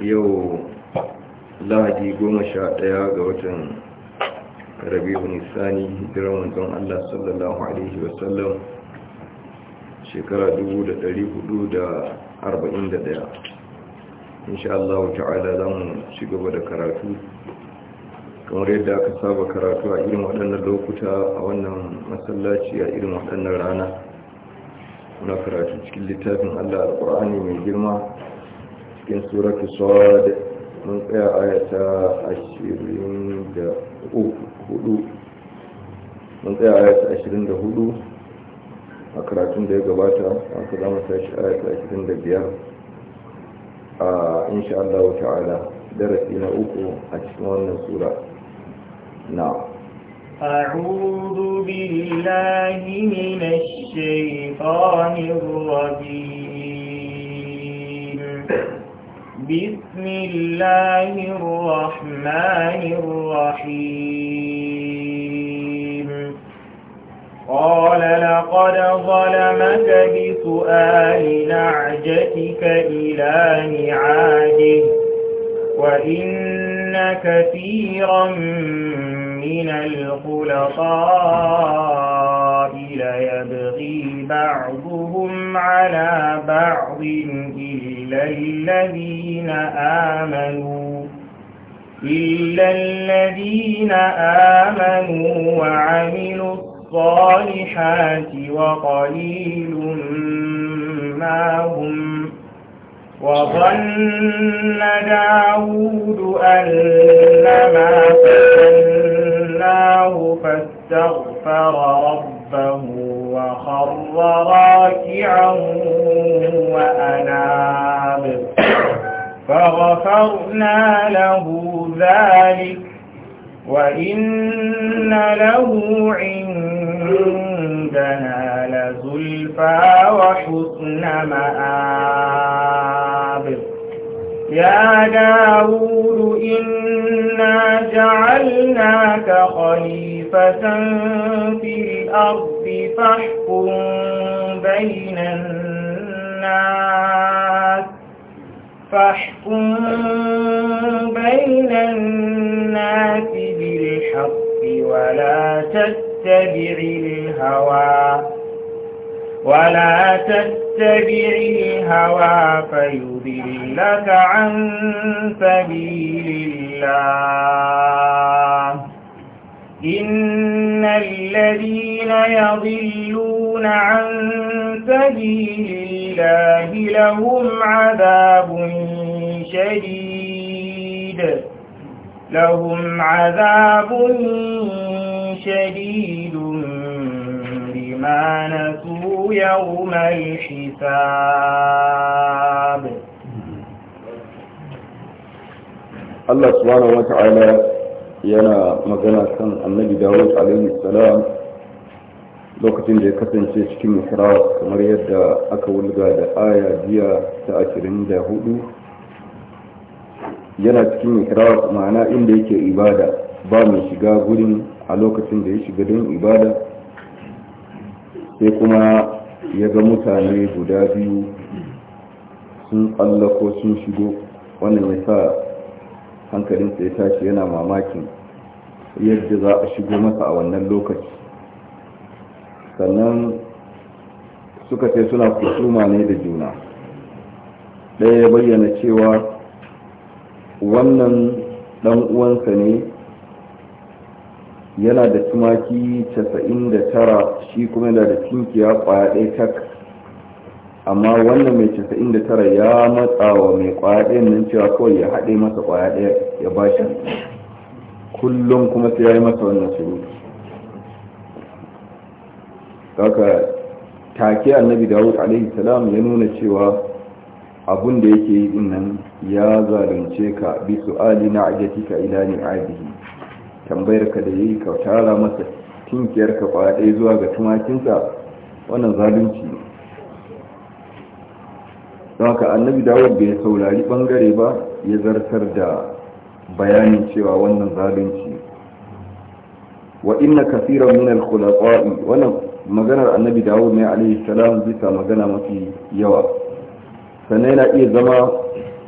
yau lahadi goma sha ɗaya ga watan rabi'u nisani Jiran wanzan allah sallallahu alaihi wasallam shekara 1441 insha Allah ta'ala za mu ci gaba da karatu kamar yadda aka saba karatu a irin waɗannan lokuta a wannan masallaci a irin waɗannan rana muna karatu cikin littafin Allah al-Qur'ani mai girma cikin suratu sad mun tsaya ayata ashirin da hudu mun tsaya ayata ashirin da hudu a karatun da ya gabata haka za mu tashi ayata ashirin da biyar a insha Allah ta'ala darasi na uku a cikin wannan sura na أعوذ بالله من الشيطان الرجيم بسم الله الرحمن الرحيم قال لقد ظلمك بسؤال نعجتك إلى نعاجه وإن كثيرا من الخلطاء ليبغي بعضهم على بعض إلا الذين آمنوا إلا الذين آمنوا وعملوا الصالحات وقليل ما هم وظن داود أن ما فتناه فاستغفر ربه وخر راكعا وأناب فغفرنا له ذلك وإن له عندنا لزلفى وحسن مآب يا داود إنا جعلناك خليفة في الأرض فاحكم بين الناس فاحكم بين الناس بالحق ولا تتبع الهوى ولا تتبع الهوى فيضلك عن سبيل الله إن الذين يضلون عن سبيل الله لهم عذاب شديد لهم عذاب شديد بما نسوا يوم الحساب الله سبحانه وتعالى yana magana kan annabi dawud alaihi salam lokacin da ya kasance cikin mihrab kamar yadda aka wulga da aya jiya ta hudu yana cikin mihrab ma'ana inda yake ibada ba mai shiga gurin a lokacin da ya shiga don ibada sai kuma ya ga mutane guda biyu sun tsallako sun shigo wannan ya sa hankalinsa ya tashi yana mamakin yadda za a shigo masa a wannan lokaci sannan suka ce suna kusuma ne da juna ɗaya ya bayyana cewa wannan ɗan uwansa ne yana da tumaki 99 shi kuma yana da tinkiya kwaya ɗaya tak amma wannan mai 99 ya matsa wa mai kwaya ɗayan nan cewa kawai ya haɗe masa kwaya ɗaya ya ba shi kullum kuma sai ya yi masa wannan surutu haka take annabi dawud alaihi salam ya nuna cewa abun da yake yi nan ya zalunce ka bi su'ali na ajatika ila ni'adihi tambayar ka da yi ka tara masa tinkiyar ka fa dai zuwa ga tumakinsa wannan zalunci ne don ka annabi dawud bai saurari bangare ba ya zartar da bayanin cewa wannan zalunci wa inna kaseeran min al khulafai wannan maganar annabi dawud ne alayhi salam bisa magana mafi yawa sannan na iya zama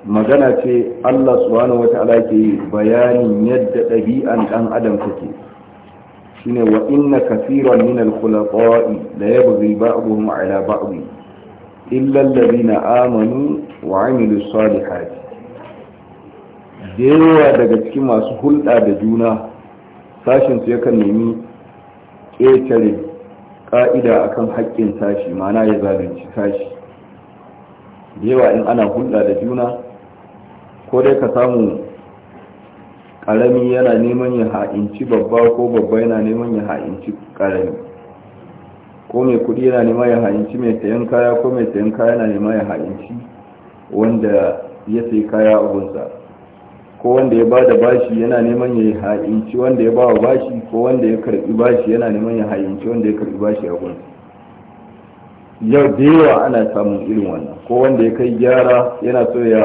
magana ce Allah subhanahu ta'ala ke bayanin yadda ɗabi'an ɗan adam take shine wa inna kaseeran min al khulafai la yabghi ba'dhum 'ala ba'd illa alladhina amanu wa 'amilus salihati dewa daga cikin masu hulɗa da juna sashin su yakan nemi ƙetare ƙa'ida akan haƙƙin sashi mana ya zalunci sashi yawa in ana hulɗa da juna ko dai ka samu ƙarami yana neman ya ha'inci babba ko babba yana neman ya ha'inci ƙarami ko mai kuɗi yana neman ya ha'inci mai sayan kaya ko mai sayan kaya yana neman ya ha'inci wanda ya sai kaya abunsa ko wanda ya ba da bashi yana neman ya ha'inci wanda ya ba wa bashi ko wanda ya karbi bashi yana neman ya ha'inci wanda ya karbi bashi a gunsa yau da yawa ana samun irin wannan ko wanda ya kai gyara yana so ya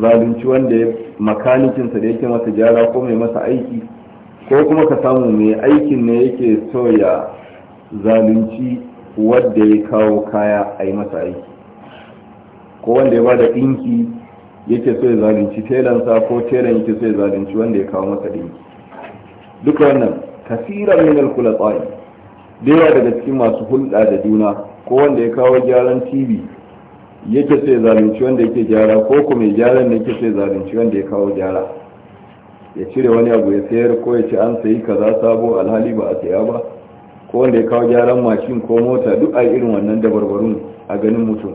zalunci wanda ya makanikinsa da yake masa gyara ko mai masa aiki ko kuma ka samu mai aikin ne yake so ya zalunci wanda ya kawo kaya a yi masa aiki ko wanda ya ba da ɗinki yake so ya zalunci telansa ko telan yake so ya zalunci wanda ya kawo masa ɗinki duk wannan kasiran min alkula tsari da daga cikin masu hulɗa da juna ko wanda ya kawo gyaran tv yake sai zalunci wanda yake gyara ko kuma mai gyaran da yake sai zalunci wanda ya kawo gyara ya cire wani abu ya sayar ko ya ce an sayi kaza sabo alhali ba a saya ba ko wanda ya kawo gyaran mashin ko mota duk a irin wannan dabarbarun a ganin mutum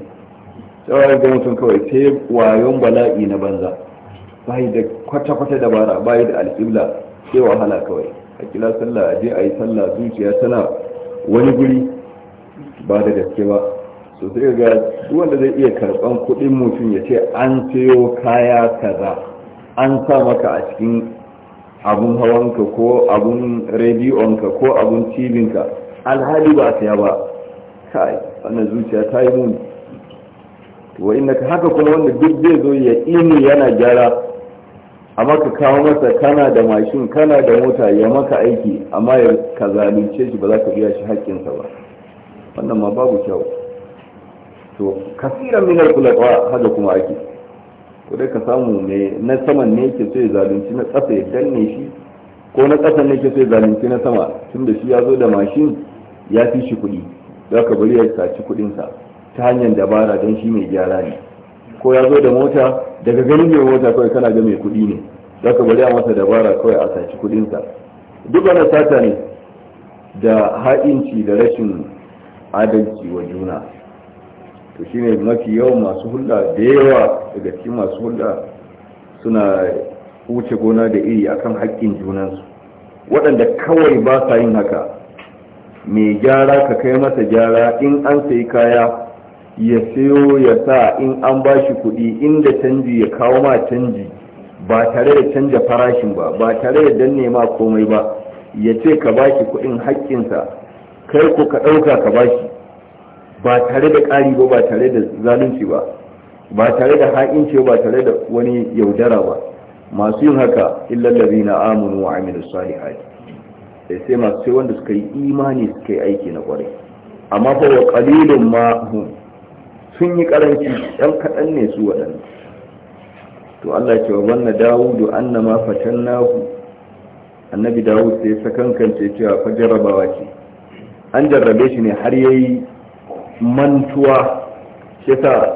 tsawon ga mutum kawai sai wayon bala'i na banza bayi da kwata-kwata dabara bayi da alƙibla sai wahala kawai a kila sallah a je a yi sallah zuciya tana wani guri ba da gaske ba to sai ga wanda zai iya karban kuɗin mutum ya ce an sayo kaya kaza an sa maka a cikin abun hawanka ko abun rediyonka ko abun ka alhali ba a saya ba kai wannan zuciya ta yi muni wa inda haka kuma wanda duk zai zo ya ini yana gyara amma ka kawo masa kana da mashin kana da mota ya maka aiki amma ya ka zalunce shi ba za ka biya shi haƙƙinsa ba wannan ma babu kyau to kasiran min al-khulafa haka kuma ake ko dai ka samu ne na saman ne yake so ya zalunci na ƙasa ya danne shi ko na ƙasa ne yake so ya zalunci na sama tunda shi ya zo da mashin ya fi shi kuɗi za ka bari ya saci kuɗinsa ta hanyar dabara don shi mai gyara ne ko ya zo da mota daga ganin mai mota kawai kana ga mai kuɗi ne za ka bari a masa dabara kawai a saci kuɗinsa duk wani sata ne da ha'inci da rashin adalci wa juna to shine mafi yawan masu hulɗa da yawa daga cikin masu hulɗa suna wuce gona da iri akan haƙƙin junansu waɗanda kawai ba sa yin haka mai gyara ka kai masa gyara in an sayi kaya ya sayo ya sa in an ba shi kuɗi inda canji ya kawo ma canji ba tare da canja farashin ba ba tare da danne ma komai ba ya ce ka ba shi kuɗin haƙƙinsa kai ko ka ɗauka ka ba shi ba tare da ƙari ba ba tare da zalunci ba ba tare da ha'inci ba tare da wani yaudara ba masu yin haka illallabi na amunu wa amilu salihati sai masu sai wanda suka yi imani suka yi aiki na kwarai amma fa wa qalilun ma sun yi karanci dan kaɗan ne su waɗannan to Allah ya ce wa wannan Dawudu annama fatannahu annabi Dawud sai sakankance cewa fa jarrabawa ce an jarrabe shi ne har yayi mantuwa shi ta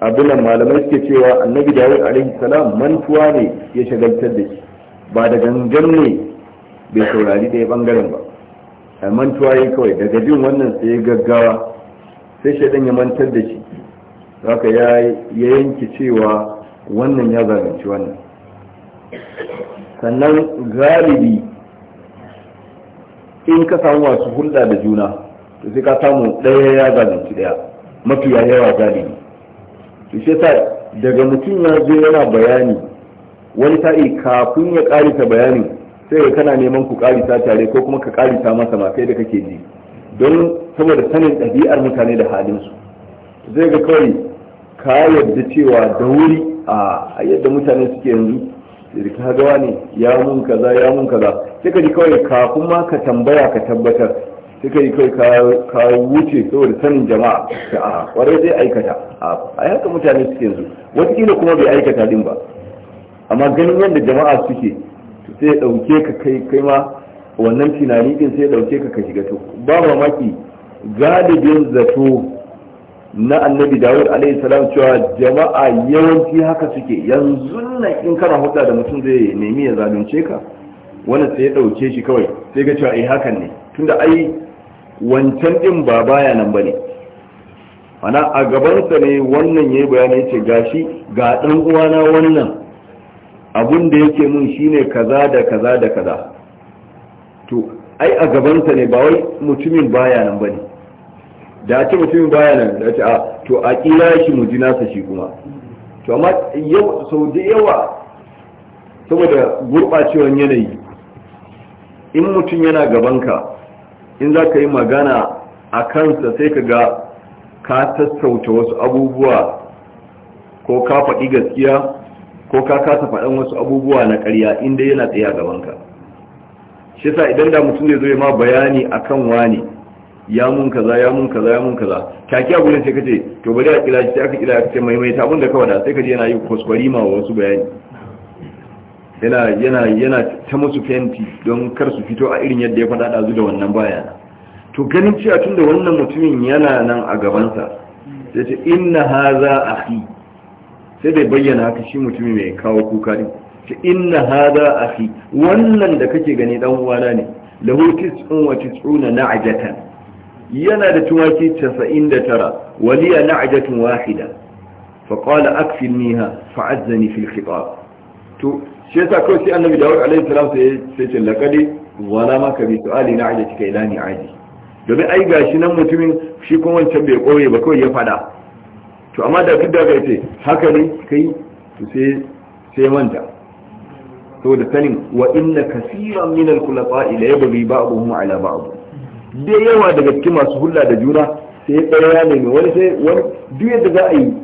abinan malamai suke cewa annabi dawud alaihi salam mantuwa ne ya shagaltar da shi ba da gangan ne bai saurari da ya bangaren ba a mantuwa yi kawai daga jin wannan sai gaggawa sai shaɗan ya mantar da shi haka ya yanki cewa wannan ya zalunci wannan sannan galibi in ka samu masu hulɗa da juna to sai ka samu ɗaya ya zalunci ɗaya mafiya yawa galibi to sai sa daga mutum ya zo yana bayani wani sa'i kafin ya karisa bayanin sai ka kana neman ku karisa tare ko kuma ka karisa masa ma kai da kake ji don saboda sanin ɗabi'ar mutane da halinsu zai ga kawai ka yarda cewa da wuri a yadda mutane suke yanzu ka gawa ne ya mun kaza ya mun kaza sai ka ji kawai kafin ma ka tambaya ka tabbatar sai kai kai ka wuce saboda sanin jama'a ta a kwarai zai aikata a haka mutane suke yanzu wataƙila kuma bai aikata din ba amma ganin yadda jama'a suke sai ɗauke ka kai kai ma wannan tunani din sai ɗauke ka ka shiga to ba mamaki galibin zato na annabi dawud alaihi salam cewa jama'a yawanci haka suke yanzu nan in kana hulɗa da mutum zai nemi ya zalunce ka wannan sai ya ɗauke shi kawai sai ga cewa eh hakan ne tunda ai wancan din ba baya nan bane ana a gabansa ne wannan yayi bayani ce gashi ga dan uwana wannan abun da yake mun shine kaza da kaza da kaza to ai a gabansa ne ba wai mutumin baya nan bane da ce mutumin baya nan da ce a to a kira shi mu ji nasa shi kuma to amma yau sau da yawa saboda gurɓacewar yanayi in mutum yana gabanka in za ka yi magana a kansa sai ka ga ka tattauta wasu abubuwa ko ka faɗi gaskiya ko ka kasa faɗan wasu abubuwa na ƙarya inda yana tsaye a gabanka shi sa idan da mutum zai zo ma bayani a kan wani ya mun kaza ya mun kaza ya mun kaza kyaki a gudun sai kace to bari a kila shi sai aka kila aka ce maimaita abin da ka wada sai ka je yana yi kuskwari ma wasu bayani yana yana yana ta musu fenti don kar su fito a irin yadda ya faɗa da wannan baya to ganin cewa tunda wannan mutumin yana nan a gabansa sai ce inna haza akhi sai dai bayyana haka shi mutumin mai kawo kuka din ce inna haza akhi wannan da kake gani dan uwana ne lahu tis'un wa tis'una na'jatan yana da tumaki 99 waliya na'jatun wahida fa qala akfilniha fa'azzani fil khitab to shi yasa kawai sai annabi dawud alaihi salam sai sai ce laqadi wala ma ka bi su'ali na aje kika lani ni aji domin ai gashi nan mutumin shi kuma wancan bai koye ba kawai ya fada to amma da duk da ga yace haka ne kai to sai sai manta saboda sanin wa inna kaseeran min al-khulafa'i la yabghi ba'dhum ala ba'd da yawa daga cikin masu hulla da juna sai ɗaya ne wani sai wani duk yadda za a yi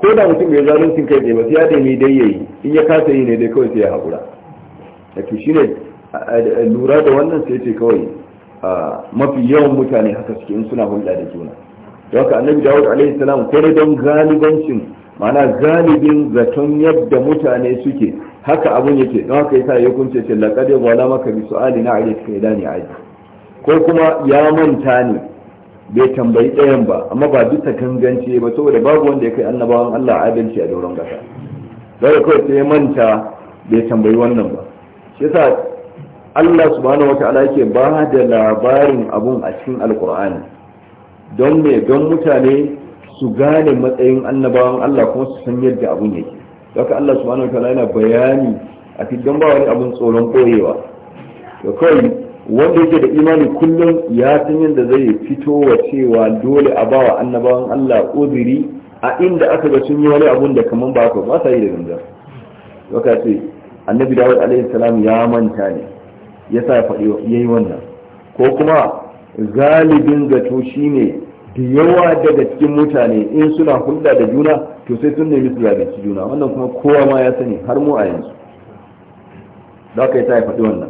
ko da mutum bai zaluncin kai tsaye ba sai ya nemi dai yayi in ya kasa yi ne dai kawai sai ya haƙura shi ne lura da wannan sai ce kawai mafi yawan mutane haka suke in suna hulɗa da juna don haka annabi dawud alaihi salam ko da don galibancin ma'ana galibin zaton yadda mutane suke haka abun yake don haka yasa ya kunce ce laqad wala maka bi su'ali na alayka ilani aji ko kuma ya manta ne bai tambayi ɗayan ba amma ba bisa gangance ba saboda babu wanda ya kai annabawan Allah adalci a doron gasa daga kawai sai manta bai tambayi wannan ba shi yasa Allah subhanahu wataala yake ba da labarin abun a cikin alkur'ani don me don mutane su gane matsayin annabawan Allah kuma su san yadda abun yake daga Allah subhanahu wataala yana bayani a cikin ba wani abun tsoron koyewa to kawai wanda yake da imani kullum ya san yadda zai fito wa cewa dole a bawa annabawan Allah uzuri a inda aka ga sun yi wani abun da kaman ba ka ba sa yi da gangar waka ce annabi dawud alaihi salam ya manta ne ya sa faɗi yayi wannan ko kuma galibin zato shine da yawa daga cikin mutane in suna hulɗa da juna to sai sun nemi su zabi juna wannan kuma kowa ma ya sani har mu a yanzu za ka yi ta faɗi wannan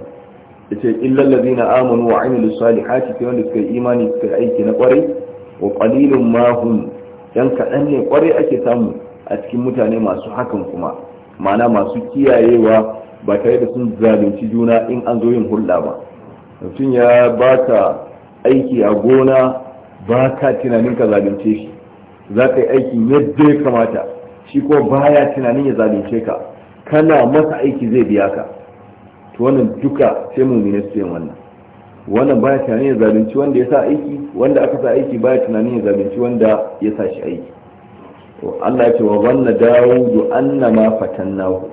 yace illal ladina amanu wa amilus salihati sai wanda suka yi imani suka yi aiki na kwarai wa qalilun ma hum yan kaɗan ne kwarai ake samu a cikin mutane masu hakan kuma ma'ana masu kiyayewa ba tare da sun zalunci juna in an zo yin hulɗa ba mutum ya baka aiki a gona ba ka tunanin ka zalunce shi za ka yi aiki yadda ya kamata shi ko baya tunanin ya zalunce ka kana masa aiki zai biya ka to wannan duka sai ne su yin wannan wannan baya tunani ya zalunci wanda ya sa aiki wanda aka sa aiki baya tunani ya zalunci wanda ya sa shi aiki to Allah ya ce wa wanna Dawud annama fatannahu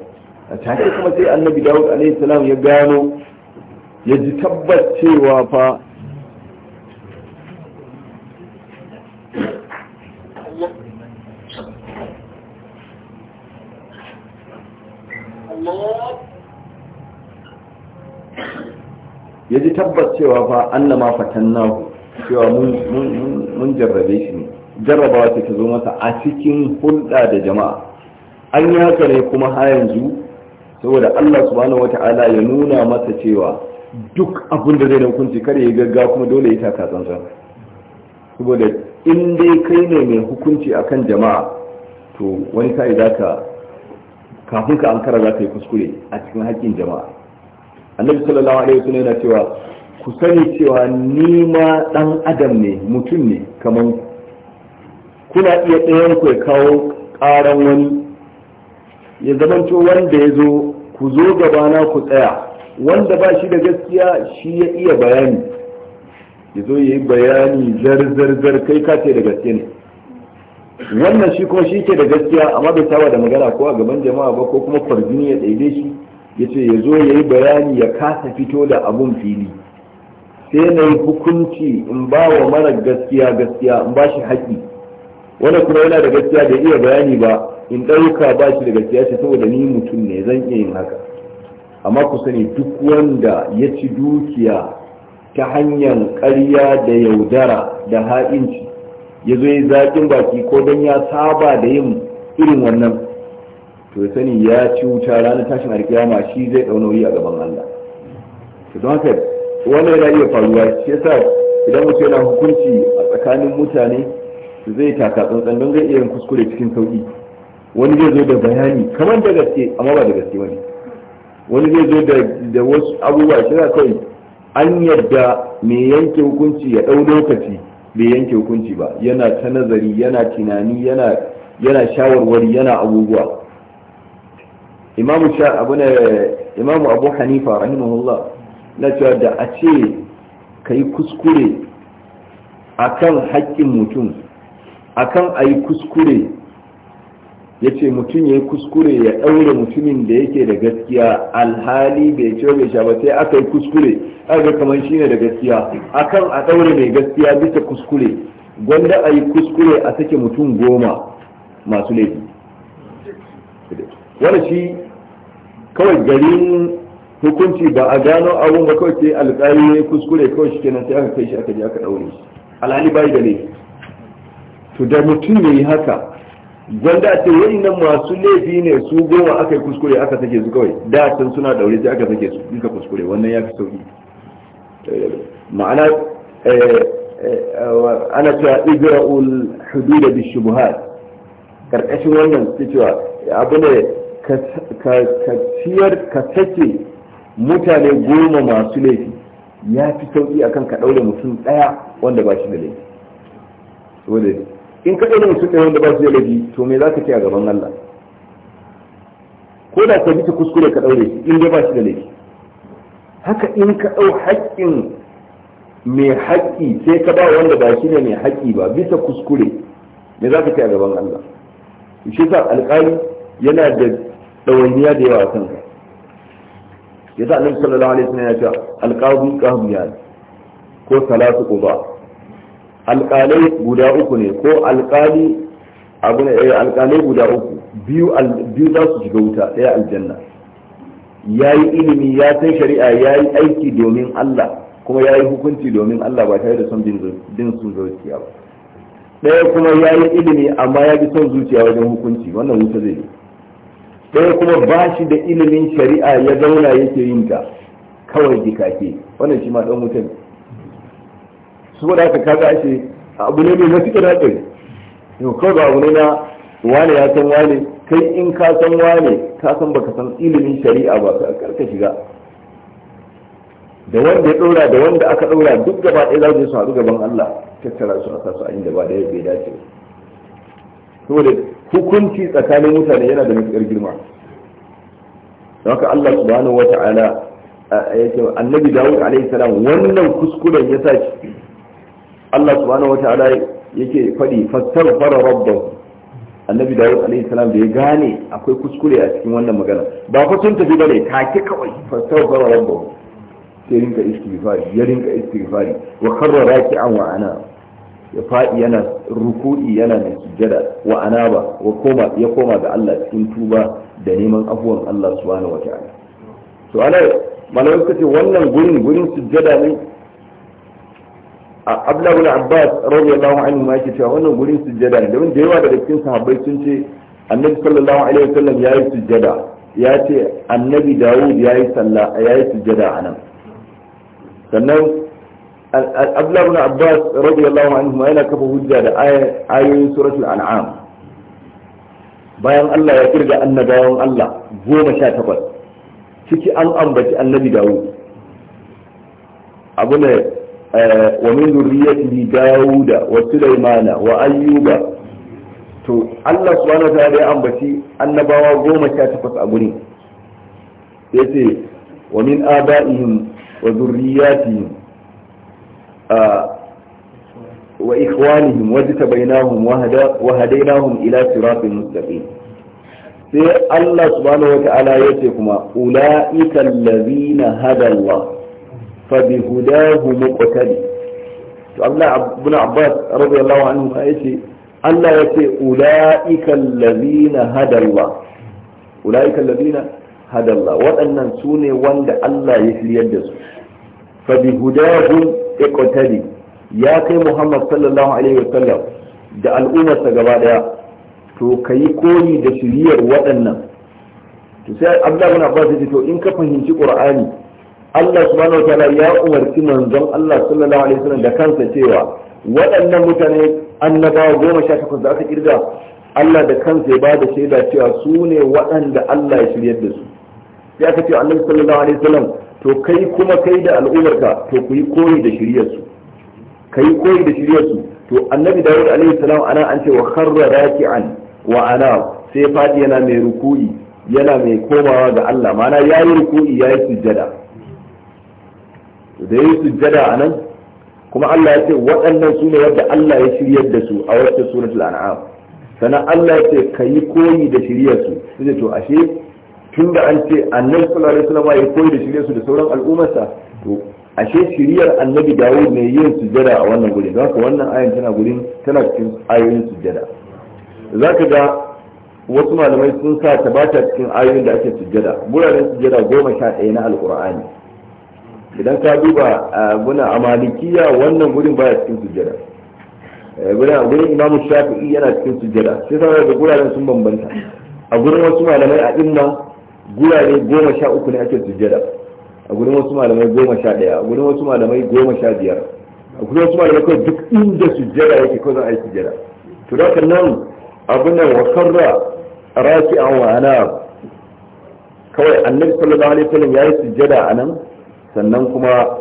a take kuma sai annabi dawud alaihi salam ya gano ya ji tabbacewa cewa fa Allah ya ji tabbas cewa fa annama ku cewa mun jarrabe shi ne jarrabawa ce ta zo masa a cikin hulɗa da jama'a an yi haka ne kuma har yanzu saboda Allah subhanahu wata'ala ya nuna masa cewa duk abin da zai na hukunci kada ya gagga kuma dole ya taka tsantsan saboda in dai kai ne mai hukunci akan jama'a to wani sa'i ka kafin ka ankara za ka yi kuskure a cikin haƙƙin jama'a annabi sallallahu alaihi wasallam yana cewa ku sani cewa ni ma dan adam ne mutum ne kaman kuna iya ɗayan ku kawo ƙaran wani ya zamanto wanda ya zo ku zo gabana ku tsaya wanda ba shi da gaskiya shi ya iya bayani ya zo ya yi bayani zar-zar-zar kai ka ce da gaske ne wannan shi kuma shi ke da gaskiya amma bai saba da magana ko a gaban jama'a ba ko kuma farjini ya ɗaide shi ya ce ya zo ya yi bayani ya kasa fito da abun fili sai na yi hukunci in ba wa mara gaskiya gaskiya in ba shi haƙi wanda kuma yana da gaskiya da iya bayani ba in ɗauka ba shi da gaskiya ce saboda ni mutum ne zan iya yin haka amma ku sani duk wanda ya ci dukiya ta hanyar ƙarya da yaudara da ha'inci ya zo yi zaƙin baki ko don ya saba da yin irin wannan to ya sani ya ci wuta ranar tashin alkiyama shi zai dau nauyi a gaban Allah to don haka wannan yana iya faruwa shi yasa idan mutum yana hukunci a tsakanin mutane zai taka tsantsan don zai iya yin kuskure cikin sauki wani zai zo da bayani kamar da gaske amma ba da gaske wani wani zai zo da wasu abubuwa shi yasa kawai an yadda mai yanke hukunci ya ɗau lokaci bai yanke hukunci ba yana ta nazari yana tunani yana shawarwari yana abubuwa imamu sha abu na imamu abu hanifa rahimahullah na cewa da a ce ka yi kuskure kan haƙƙin mutum akan a yi kuskure ya ce mutum ya yi kuskure ya ɗaure mutumin da yake da gaskiya alhali bai ce bai sha ba sai aka yi kuskure aka kamar shi ne da gaskiya a kan a ɗaure mai gaskiya bisa kuskure gwanda a yi kuskure a sake mutum goma masu laifi wani shi kawai garin hukunci ba a gano abun ba kawai sai alƙali ne kuskure kawai shi kenan sai aka kai shi aka je aka ɗaure shi alhali bai da laifi to da mutum ya yi haka gwanda a wani nan masu laifi ne su goma aka yi kuskure aka sake su kawai da can suna ɗaure sai aka sake su in ka kuskure wannan ya fi sauki ma'ana eh, eh, ana cewa igra'ul hududa da shubuhat karkashin wannan su cewa abu ne ka sake mutane goma masu laifi ya fi sauki akan ka ɗaure mutum ɗaya wanda ba shi da laifi saboda in ka ɗaure mutum ɗaya wanda ba shi da laifi to me za ka ce a gaban Allah ko da ka bi ta kuskure ka ɗaure shi in dai ba shi da laifi haka in ka ɗau haƙƙin mai haƙƙi sai ka ba wanda ba shi ne mai haƙƙi ba bisa kuskure me za ka ce a gaban Allah shi sa alƙali yana da ɗawainiya da yawa kan ka ya sa annabi sallallahu alaihi wasallam ya ce alqadi ya ko salatu quba alƙalai guda uku ne ko alƙali abu ne eh, alƙalai guda uku biyu biyu za su shiga wuta ɗaya aljanna ya yi ilimi ya san shari'a ya yi aiki domin Allah kuma ya yi hukunci domin Allah ba tare da son bin sun zuciya ba ɗaya kuma ya yi ilimi amma ya bi son zuciya wajen hukunci wannan wuta zai yi ɗaya kuma ba shi da ilimin shari'a ya zauna yake yin ta kawai jikake wannan shi ma ɗan mutum su da aka kaga shi abu ne mai matuƙa daɗin yau kawai ba abu ne na wane ya san wane kai in ka san wane ka san baka san ilimin shari'a ba ka karka shiga da wanda ya ɗora da wanda aka ɗora duk gaba ɗaya za su haɗu gaban Allah tattara su a kasu a inda ba da ya bai dace saboda hukunci tsakanin mutane yana da matuƙar girma haka Allah subhanahu wata'ala yake annabi Dawud alaihi salam wannan kuskuren ya saki Allah subhanahu wata'ala yake faɗi fattar fara rabbahu annabi Dawud alaihi salam da ya gane akwai kuskure a cikin wannan magana ba fa sun tafi bane ke kawai fattar fara rabbahu sai rinka istighfari ya rinka istighfari wa karra raki'an wa ana ya faɗi yana ruku'i yana mai sujjada wa anaba wa koma ya koma ga Allah cikin tuba da neman afuwan Allah subhanahu wa ta'ala to ana malamin suka ce wannan gurin gurin sujjada ne a Abdullah ibn Abbas radiyallahu anhu ma yake cewa wannan gurin sujjada ne domin da yawa daga cikin sahabbai sun ce annabi sallallahu alaihi wasallam yayi sujjada ya ce annabi Dawud yayi sallah yayi sujjada anan sannan abdullahi ibn abbas radiyallahu anhu yana kafa hujja da ayoyin suratul an'am bayan Allah ya kirga annabawan Allah goma sha takwas ciki an ambaci annabi Dawud abu ne eh, wa min zurriyatihi Dawuda wa Sulaimana wa Ayyuba to Allah subhanahu ta'ala ya ambaci annabawa goma sha takwas a gurin yace wa min abaihim wa zurriyatihim wa ikhwanihim wajtabainahum wa hadainahum ila siratin mustaqim sai Allah subhanahu wata'ala ya ce kuma ula'ika allazina hada Allah fa muqtadi to ibn Abbas radiyallahu anhu ya ce Allah ula'ika allazina hada Allah ula'ika allazina hada Allah waɗannan sune wanda Allah ya shiryar da su fa iqtadi ya kai Muhammad sallallahu alaihi wasallam da al'ummarsa gaba daya to ka yi koyi da shiriyar waɗannan to sai Abdullah ibn Abbas ya ce to in ka fahimci Qur'ani Allah subhanahu wataala ya umarci manzon Allah sallallahu alaihi wasallam da kansa cewa waɗannan mutane annabawa goma sha takwas da aka kirga Allah da kansa ya bada shaida cewa su ne waɗanda Allah ya shiryar da su sai aka ce annabi sallallahu alaihi wasallam to kai kuma kai da al'ummarka to ku yi koyi da shiryarsu kai koyi da shiryarsu to annabi dawud alaihi salam ana an ce wa kharra raki'an wa ana sai fadi yana mai ruku'i yana mai komawa ga Allah mana yayi ruku'i yayi sujjada da yayi sujjada anan kuma Allah ya ce waɗannan su ne wanda Allah ya shiryar da su a wata suratul an'am sannan Allah ya ce kayi koyi da shiryarsu sai to ashe da an ce annabi sallallahu alaihi wasallam ya koyi da shirye su da sauran al'ummarsa to ashe shiriyar annabi Dawud ne yin sujada a wannan gurin don haka wannan ayan tana gurin tana cikin ayoyin sujada zaka ga wasu malamai sun sa ta bata cikin ayoyin da ake sujada guraren sujada goma sha ɗaya na alkur'ani idan ka duba muna a malikiya wannan gurin baya cikin sujada eh, gurin gurin imam shafi'i yana cikin sujada sai sanar da guraren sun bambanta a gurin wasu malamai a inna gurare goma sha uku ne ake sujjada a gurin wasu malamai goma sha ɗaya a gurin wasu malamai goma sha biyar a gurin wasu malamai kawai duk inda sujjada yake kawai zan aiki yi to da nan abin nan wa karra raki an wa kawai annabi sallallahu alaihi wasallam yayi sujjada a nan sannan kuma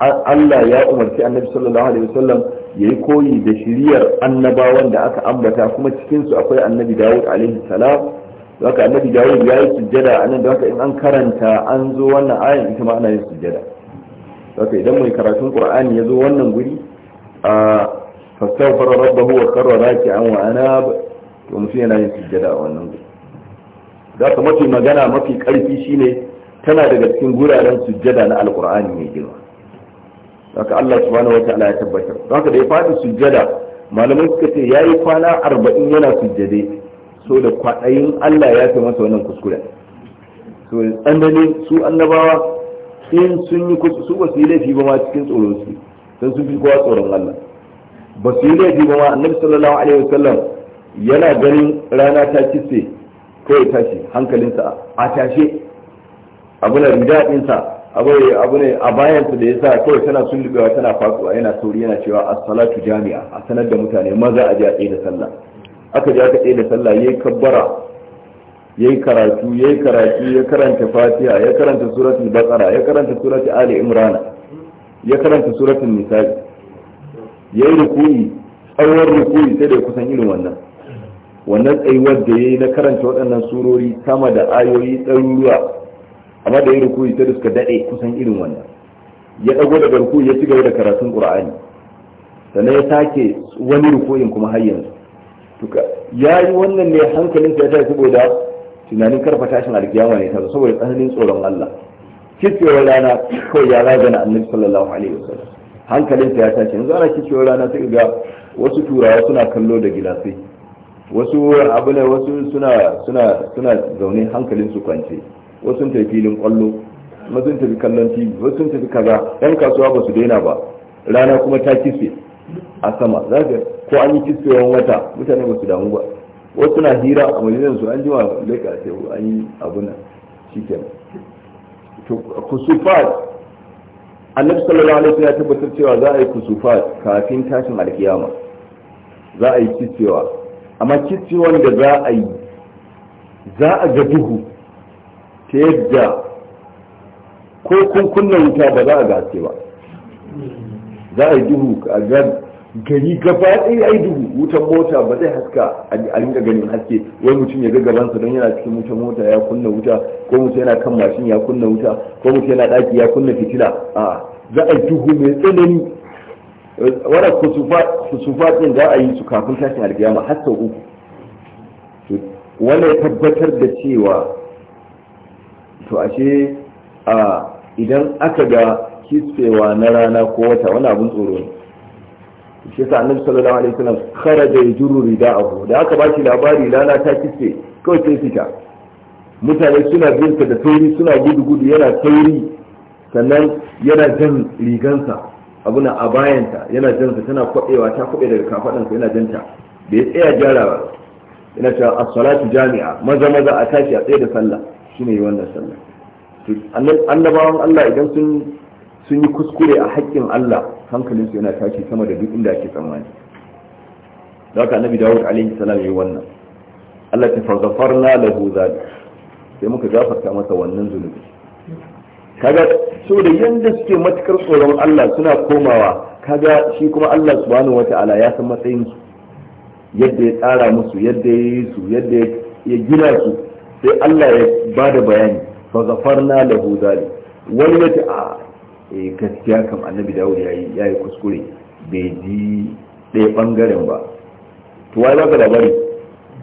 Allah ya umarci annabi sallallahu alaihi wasallam ya yi koyi da shiriyar annabawan da aka ambata kuma cikinsu akwai annabi dawud alaihi salam haka annabi dawud ya yi sujjada a nan da haka in an karanta an zo wannan ayan ita ma ana yin sujjada haka idan mai karatun qur'ani ya zo wannan guri a fastaghfara rabbahu wa karra raki'an wa anab to mutum yana yin sujjada a wannan guri da ka mafi magana mafi karfi shine tana daga cikin guraren sujjada na alqur'ani mai girma haka Allah subhanahu wataala ya tabbatar haka da ya fadi sujjada malamai suka ce yayi kwana 40 yana sujjade so da kwaɗayin Allah ya fi masa wannan kuskure so tsandani su annabawa in sun yi su ba su yi laifi ba ma cikin tsoron su don sun fi kowa tsoron Allah ba su yi laifi ba ma annabi sallallahu alaihi wasallam yana ganin rana ta kitse kawai tashi hankalinsa a tashe abu na ridaɗinsa abu ne a bayansa da ya sa kawai tana sullubewa tana fakuwa yana sauri yana cewa as-salatu jami'a a sanar da mutane maza a ji a tsaye da sallah aka je aka tsaye da sallah yayi kabbara yayi karatu yayi karatu ya karanta fatiha ya karanta suratul baqara ya karanta suratul ali imran ya karanta suratul nisa yayi rukuni, tsawon rukuni sai da kusan irin wannan wannan tsayuwar da yayi na karanta waɗannan surori sama da ayoyi ɗaruruwa amma da yayi ruku'i sai da suka dade kusan irin wannan ya dago daga rukuni, ya ci gaba da karatun qur'ani sannan ya sake wani ruku'in kuma har yanzu duka yi wannan ne hankalin sa ya saboda tunanin karfa tashin alkiyama ne ta saboda tsananin tsoron Allah kicewar rana kawai ya na annabi sallallahu alaihi wasallam hankalin ta ya tashi yanzu ana kicewar rana sai ga wasu turawa suna kallo da gilasai wasu abin wasu suna suna suna zaune hankalin su kwance wasu sun tafi filin kwallo wasu sun tafi kallon tv wasu tafi kaza yan kasuwa ba su daina ba rana kuma ta kife a sama za ko an yi kiskewan wata mutane ba su damu ba wasu na hira a majalisar su an jima leka ce an yi abuna shikenan to kusufat annabi sallallahu alaihi wasallam ya tabbatar cewa za a yi kusufat kafin tashin alkiyama za a yi kiskewa amma kiskewan da za a yi za a ga duhu ta yadda ko kun kunna wuta ba za a gaske ba za a yi duhu a ga gari gaba ɗaya ai duhu wutan mota ba zai haska a dinga ganin haske wai mutum ya ga gabansa don yana cikin wutan mota ya kunna wuta ko mutum yana kan mashin ya kunna wuta ko mutum yana ɗaki ya kunna fitila a za a duhu mai tsanani Wani kusufa ɗin za a yi su kafin tashin alkiyama har sau uku wanda tabbatar da cewa to ashe a idan aka ga kitsewa na rana ko wata wani abin tsoro ne shi sa annabi sallallahu alaihi wasallam kharaja yajru rida'ahu da aka bashi labari lana ta kitse kawai sai fita mutane suna binsa da sauri suna gudu gudu yana sauri sannan yana jan rigansa abuna a bayanta yana jansa tana kwabewa ta kwabe daga kafadansa yana janta ta ya tsaya ba yana cewa as-salatu jami'a maza maza a tashi a tsaye da sallah shine yi wannan sallah annabawan Allah idan sun sun yi kuskure a haƙƙin Allah hankalinsu yana tashi sama da duk inda ake tsammani da haka annabi dawud alaihi salam yayi wannan Allah ta farzafarna lahu zalik sai muka gafarta masa wannan zunubi kaga so da yanda suke matukar tsoron Allah suna komawa kaga shi kuma Allah subhanahu wata'ala ya san matsayin su yadda ya tsara musu yadda ya yi su yadda ya gina su sai Allah ya bada da bayani farzafarna lahu zalik wani ya Eh, gaskiya kam annabi dawud ya yi kuskure bai ji ɗaya ɓangaren ba to wai ba labari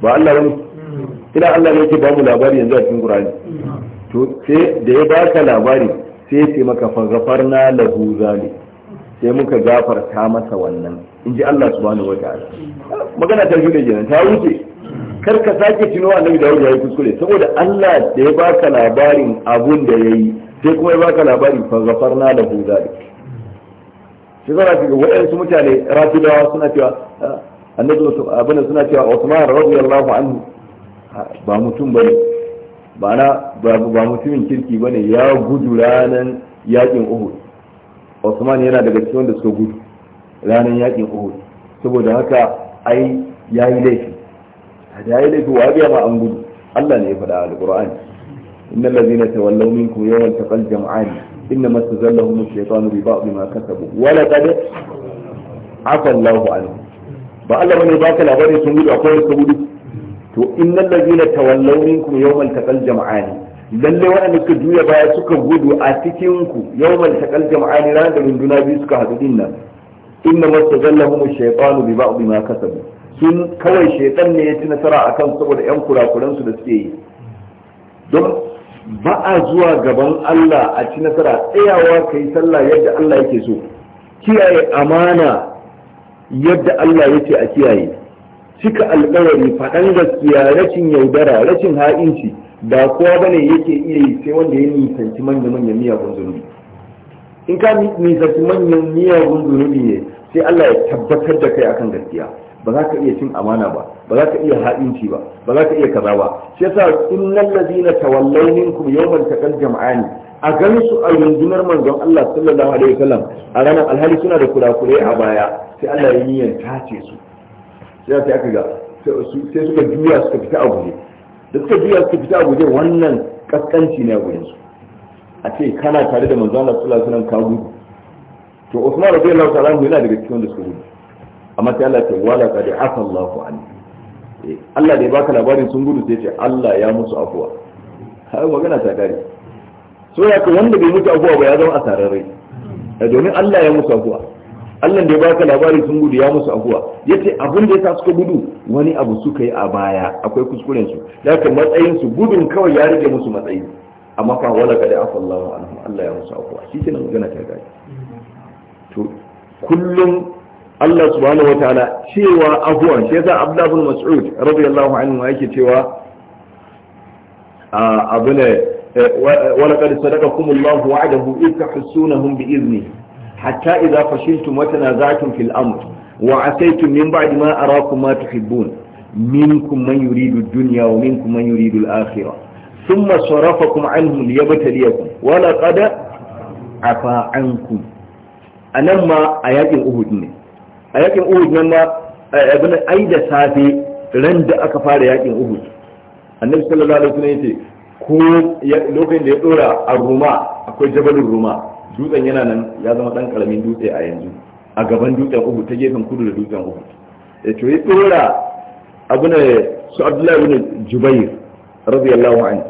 ba Allah ne mm. ina Allah ne yake ba mu labari yanzu a cikin Qur'ani mm. to sai da ya baka labari sai sai maka fa ghafarna lahu zalik sai muka gafarta masa wannan in ji Allah subhanahu wa ta'ala magana ta da kenan ta wuce kar ka sake tuno annabi dawud ya kuskure saboda Allah da ya baka labarin abun da yayi sai kuma ya baka labari fa da lahu zalik shi zara ga waɗansu mutane rafidawa suna cewa annabi abin suna cewa Usman radiyallahu anhu ba mutum bane ba na ba mutumin kirki bane ya gudu ranan yakin Uhud Usman yana daga cikin wanda suka gudu ranan yakin Uhud saboda haka ai yayi laifi da yayi laifi wa ga ma an gudu Allah ne ya faɗa a إن الذين تولوا منكم يوم التقى الجمعان إنما استزلهم الشيطان ببعض ما كسبوا ولقد عفى الله عنهم فالله من يباك الأبري سنجد أقوى سنجد to innal ladina tawallaw minkum yawmal taqal jam'an lalle waɗanda suka juya baya suka gudu a cikin ku yawmal taqal jam'an ranar da runduna biyu suka hadu din nan inna ma sun kawai shaytan ne ya ci nasara akan saboda yan kurakuran su da suke yi don ba a zuwa gaban Allah a ci nasara tsayawa ka yi sallah yadda Allah yake so kiyaye amana yadda Allah yake a kiyaye cika alƙawari faɗan gaskiya rashin yaudara rashin ha'inci da kowa bane yake iya yi sai wanda ya nisanci manya-manyan miyagun zunubi in ka nisanci manyan miyagun zunubi ne sai Allah ya tabbatar da kai akan gaskiya ba za ka iya cin amana ba ba za ka iya haɗinci ba ba za ka iya kaza ba shi yasa innal ladina tawallaw minkum yawman taqal jam'ani a gan su a rundunar manzon Allah sallallahu alaihi wasallam a ranar alhali suna da kurakure a baya sai Allah ya niyyar tace su sai sai aka ga sai suka juya suka fita a guje da suka juya suka fita a guje wannan kaskanci ne a gurin su a ce kana tare da manzon Allah sallallahu alaihi wasallam ka gudu to Usman radiyallahu ta'ala yana daga cikin wanda suka gudu amma sai Allah ce wala qad afa Allahu an eh, Allah da ya baka labarin sun gudu sai ce Allah ya musu afuwa har magana ta kare so ya ka wanda bai mutu afuwa ba ya zama asararre eh, domin Allah ya musu afuwa Allah da ya baka labari sun gudu ya musu afuwa yace abin da yasa suka gudu wani abu suka yi a baya akwai kuskuren su da haka matsayin su gudun kawai ya rage musu matsayi amma fa wala qad afa Allahu anhum Allah ya musu afuwa shi kenan magana ta gari to kullum Allah subhanahu wa ta'ala cewa afuwan shi yasa Abdullah ibn Mas'ud radiyallahu anhu yake cewa ah, abu ne eh, wala qad sadaqakum Allahu wa'adahu id tahsunahum bi izni hatta idza fashiltum wa tanaza'tum fil amr wa asaytum min ba'di ma arakum ma tuhibbun minkum man yuridu ad-dunya wa minkum man yuridu al-akhirah thumma sarafakum anhum liyabtaliyakum wala qad afa ankum anan ma a yakin uhud ne a yakin uhud nan ma abin ai da safe ran da aka fara yakin uhud annabi sallallahu alaihi wasallam yace ko lokacin da ya dora a ruma akwai jabalin ruma dutsen yana nan ya zama dan karamin dutse a yanzu a gaban dutsen uhud ta gefen kudu da dutsen uhud ya eh, ce ya dora abin su abdullahi ibn jubair radiyallahu anhu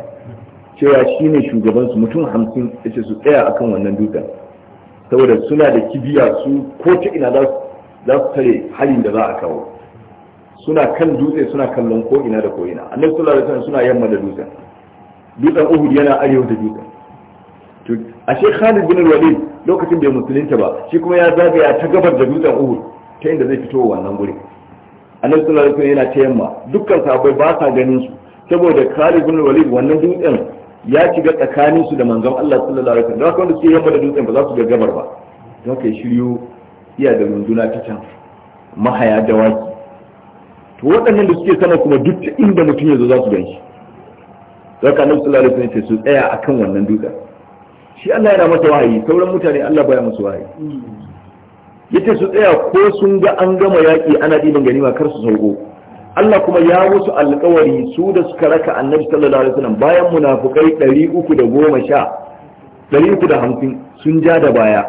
cewa shine shugaban su mutum 50 yace su tsaya akan wannan dutsen saboda suna da kibiya su ko ta ina za su za su tare halin da za a kawo suna kan dutse suna kallon ko ina da ko ina annabi sallallahu alaihi wasallam suna yamma da dutsen dutsen Uhud yana arewa da dutsen to ashe Khalid bin Walid lokacin bai musulunta ba shi kuma ya zagaya ta gabar da dutsen Uhud ta inda zai fito wannan gurin annabi sallallahu alaihi wasallam yana ta yamma dukkan sahabbai ba sa ganin su saboda Khalid bin Walid wannan dutsen ya shiga tsakanin su da manzon Allah sallallahu alaihi wasallam da wanda suke yamma da dutsen ba za su ga gabar ba don kai shiryo iya da runduna ta can mahaya waki to waɗannan da suke sama kuma duk ta inda mutum ya zo za su gan shi zaka nan sallallahu alaihi wasallam su tsaya akan wannan duka shi Allah yana masa wahayi sauran mutane Allah baya masa wahayi yace su tsaya ko sun ga an gama yaki ana diban ganima kar su sauko Allah kuma ya musu alƙawari su da suka raka annabi sallallahu alaihi wasallam bayan munafukai 310 350 sun ja da baya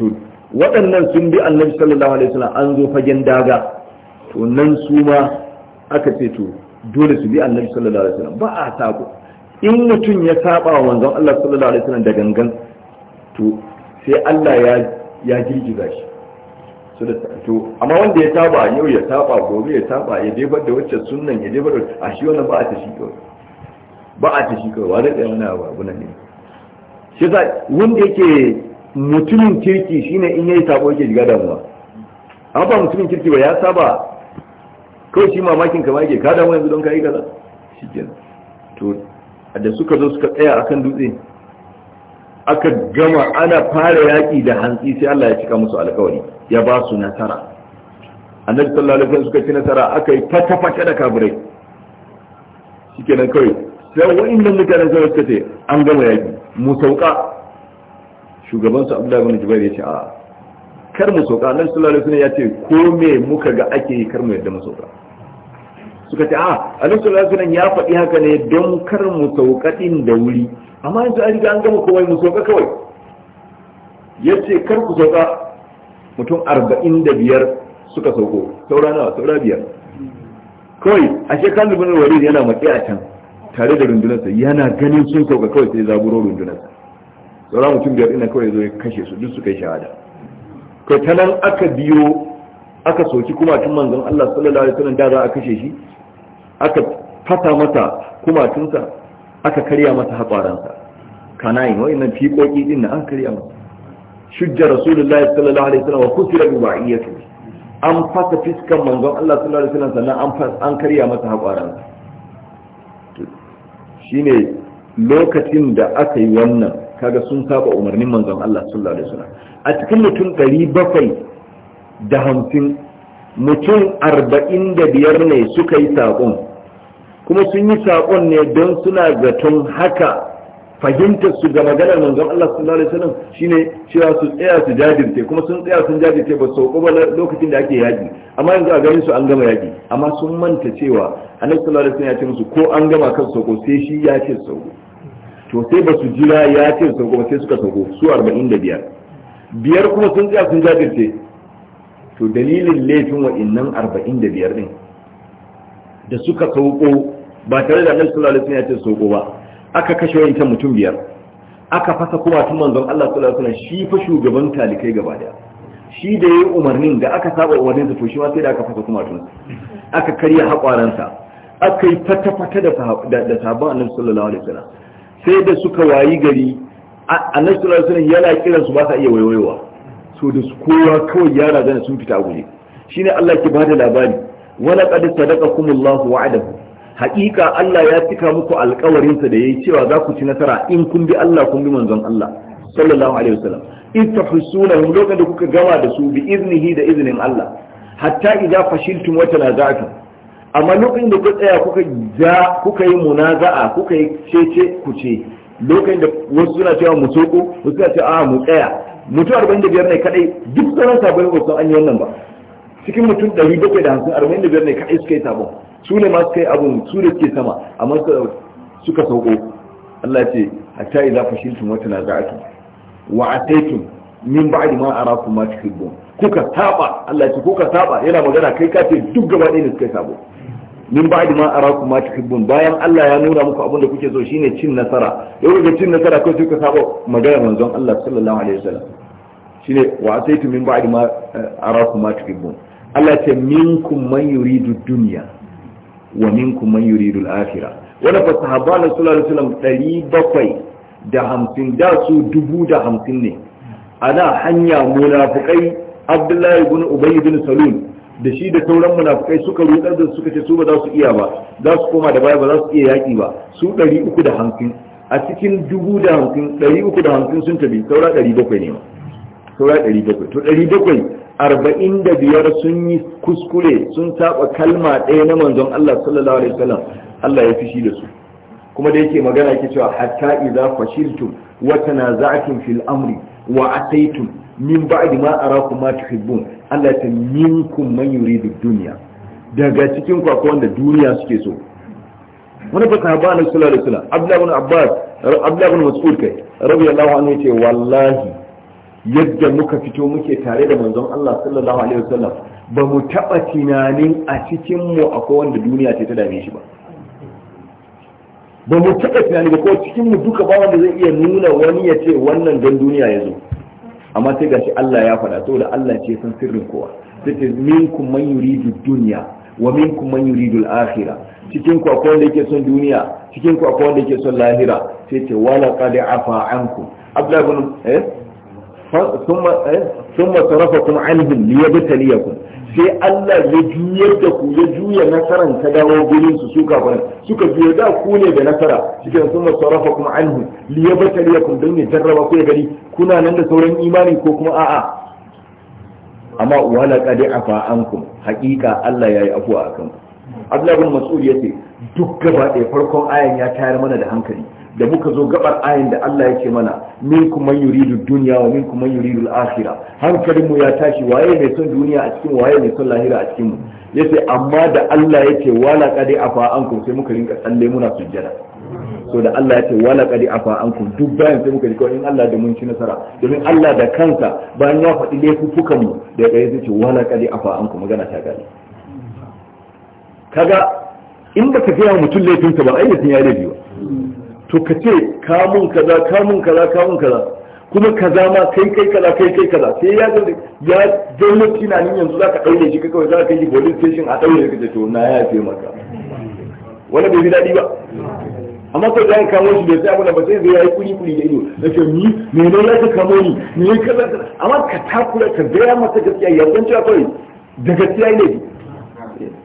to waɗannan sun bi annabi sallallahu alaihi wasallam an zo fagen daga to nan su ma aka ce to dole su bi annabi sallallahu alaihi wasallam ba a sako in mutum ya saba wa manzon Allah sallallahu alaihi wasallam da gangan to sai Allah ya ya girgiza shi to amma wanda ya saba yau ya saba gobe ya saba ya bar da wacce sunnan ya bar a shi wannan ba a tashi kawai ba a tashi kawai wani tsaye wani abu nan ne shi za wanda yake mutumin kirki shine in yayi sabo yake shiga damuwa amma ba mutumin kirki ba ya saba kawai shi mamakin kama yake ka damu yanzu don ka yi kaza shikenan to da suka zo suka tsaya akan dutse aka gama ana fara yaƙi da hantsi sai Allah ya cika musu alƙawari ya ba su nasara annabi sallallahu alaihi wasallam suka ci nasara aka yi fata-fata da kafirai shikenan kawai sai wa'annan mutanen sai suka ce an gama yaƙi mu sauka shugabansu abdullahi bin jubair ya ce a kar mu soka nan sallallahu alaihi ya ce ko me muka ga ake yi kar mu yadda mu soka suka ce a annabi sallallahu alaihi ya faɗi haka ne don kar mu soka din da wuri amma yanzu an riga an gama komai mu soka kawai ya ce kar ku soka mutum arba'in da biyar suka sauko saura nawa saura biyar kawai a shekaru bin walid yana matsi a can tare da rundunarsa yana ganin sun sauka kawai sai zaburo rundunarsa zaura mutum biyar ina kawai zo ya kashe su duk suka yi shahada kai ta nan aka biyo aka soki kumatun manzon Allah sallallahu alaihi wasallam da za a kashe shi aka fata mata kumatunsa aka karya mata haƙwaransa kanayi wa'annan fiƙoƙi din na an karya mata shujja rasulullahi sallallahu alaihi wasallam wa kusira bi ba'iyatu an fata fiskan manzon Allah sallallahu alaihi wasallam sannan an an karya mata haƙwaransa shine lokacin da aka yi wannan kaga sun saba umarnin manzon Allah sallallahu alaihi wasallam a cikin mutum da hamsin, mutum 45 ne suka yi sakon kuma sun yi sakon ne don suna zaton haka fahimtar su ga maganar manzon Allah sallallahu alaihi wasallam shine cewa su tsaya su jajirce kuma sun tsaya sun jajirce ba su ko ba lokacin da ake yaji amma yanzu a garin su an gama yaji amma sun manta cewa Annabi sallallahu alaihi wasallam ya ce musu ko an gama kan soko sai shi ya ce soko to sai ba su jira ya ce su sauko sai suka sauko su 45 biyar kuma sun tsaya sun jajirce to dalilin laifin wa'innan 45 din da suka sauko ba tare da annabi sallallahu alaihi wasallam ya ce sauko ba aka kashe wayancan mutum biyar aka fasa kuma tun manzon Allah sallallahu alaihi wasallam shi fa shugaban talikai gaba daya shi da yayi umarnin da aka saba umarninsa to shi ma sai da aka fasa kuma tun aka karya hakwaransa aka yi fata-fata da sabon annabi sallallahu alaihi wasallam sai da suka wayi gari a sallallahu alaihi wasallam yana kiran su ba iya waiwaiwa so da su kowa kawai yara gane sun fita a guje shine Allah ke bada labari wala sadaka kumullahu wa'adahu haƙiƙa Allah ya cika muku alkawarinsa da yayi cewa za ku ci nasara in kun bi Allah kun bi manzon Allah sallallahu alaihi wasallam in tahsunahum lokacin da kuka gama da su bi iznihi da iznin Allah hatta idza fashiltum wa tanaza'tum amma lokacin da ku tsaya kuka ja kuka yi munaza'a kuka yi cece kuce lokacin da wasu suna cewa mu soko wasu suna cewa a mu tsaya mutum arba'in da biyar ne kadai duk sauran sabon ba su an yi wannan ba cikin mutum ɗari bakwai da hamsin arba'in da biyar ne kadai suka yi sabon su ne ma suka yi abun su da suke sama amma suka sauko Allah ce a hatta idza fashiltum wa tanaza'tum wa ataytum min ba'di ma rafu ma tuhibbun kuka saba Allah ce kuka saba yana magana kai ka ce duk gaba ɗaya ne suka sabon. min ba'di ma arakum ma tuhibbun bayan Allah ya nuna muku abin da kuke so shine cin nasara yau kuke cin nasara kai kuka saba magana manzon Allah sallallahu alaihi wasallam shine wa asaitu min ba'di ma eh, arakum ma tuhibbun Allah ce minkum man yuridu dunya wa minkum man yuridu al-akhirah wannan fa sahabban sallallahu alaihi wasallam 700 da hamsin da su dubu da hamsin ne ana hanya munafikai Abdullahi ibn Ubay ibn Salul da shi da sauran munafukai suka rudar da suka ce su ba za su iya ba za su koma da baya ba za su iya yaƙi ba su ɗari uku da hamsin a cikin dubu da hamsin ɗari uku da hamsin sun tafi saura ɗari bakwai ne ma saura ɗari bakwai to ɗari bakwai arba'in da biyar sun yi kuskure sun saba kalma ɗaya na manzon Allah sallallahu alaihi wasallam Allah ya fishi da su kuma da yake magana yake cewa hatta idza fashiltum wa tanaza'tum fil amri wa ataytum min ba'di ma arakum ma tuhibbun Allah ya minkum man yuridu dunya daga cikin ku akwai wanda duniya suke so wani fa sahaba na sallallahu alaihi wasallam Abdullahi ibn Abbas Abdullahi ibn Mas'ud kai radiyallahu anhu yace wallahi yadda muka fito muke tare da manzon Allah sallallahu alaihi wasallam ba mu taba tunanin a cikin mu akwai wanda duniya ce ta dame shi ba ba mu taba tunani ba ko cikin mu duka ba wanda zai iya nuna wani ya ce wannan don duniya ya zo amma sai gashi Allah ya faɗa to da Allah ce san sirrin kowa sai minkum man yuridu dunya wa minkum man yuridu al akhira cikin ku akwai wanda yake son duniya cikin ku akwai wanda yake son lahira sai ce wala qad afa ankum abla ibn eh thumma eh thumma sarafakum anhum liyabtaliyakum sai Allah ya juyar da ku ya juya nasaran ta dawo gurin su su kafiran suka juya da ku ne da nasara cikin sun sarrafa kuma anhu li yabtaliyakum dan ne jarraba ku ya gari kuna nan da sauran imani ko kuma a'a amma wala qad afa ankum haqiqa Allah yayi afuwa akan ku Abdullah bin Mas'ud yace duk gaba ɗaya farkon ayan ya tayar mana da hankali da muka zo gabar ayin da Allah yake mana min kuma yuridu dunya wa min kuma yuridu al-akhirah hankalinmu ya tashi waye mai son duniya a cikin waye mai son lahira a cikin mu yace amma da Allah yake wala qad afa ankum sai muka rinka tsalle muna sujjada so da Allah ya ce wala qad afa ankum duk bayan sai muka rinka in Allah da mun ci nasara domin Allah da kansa bayan ya faɗi laifukan mu da kai sai ce wala qad afa ankum magana ta gani kaga in baka ga mutum laifin ka ba ai mutum ya rabi ba to ka ce kamun kaza kamun kaza kamun kaza kuma kaza ma kai kai kaza kai kai kaza sai ya ga ya na nin yanzu zaka daure shi kawai zaka kai shi police station a daure da kaje to na ya fi maka wani bai bi daɗi ba amma ko zan kamo shi bai sai abuna ba sai zai yayi kuri kuri da ido na ce ni me ne ya ka kamo ni me ka kaza ka amma ka takura ka gaya masa gaskiya ya san cewa kawai da gaskiya ne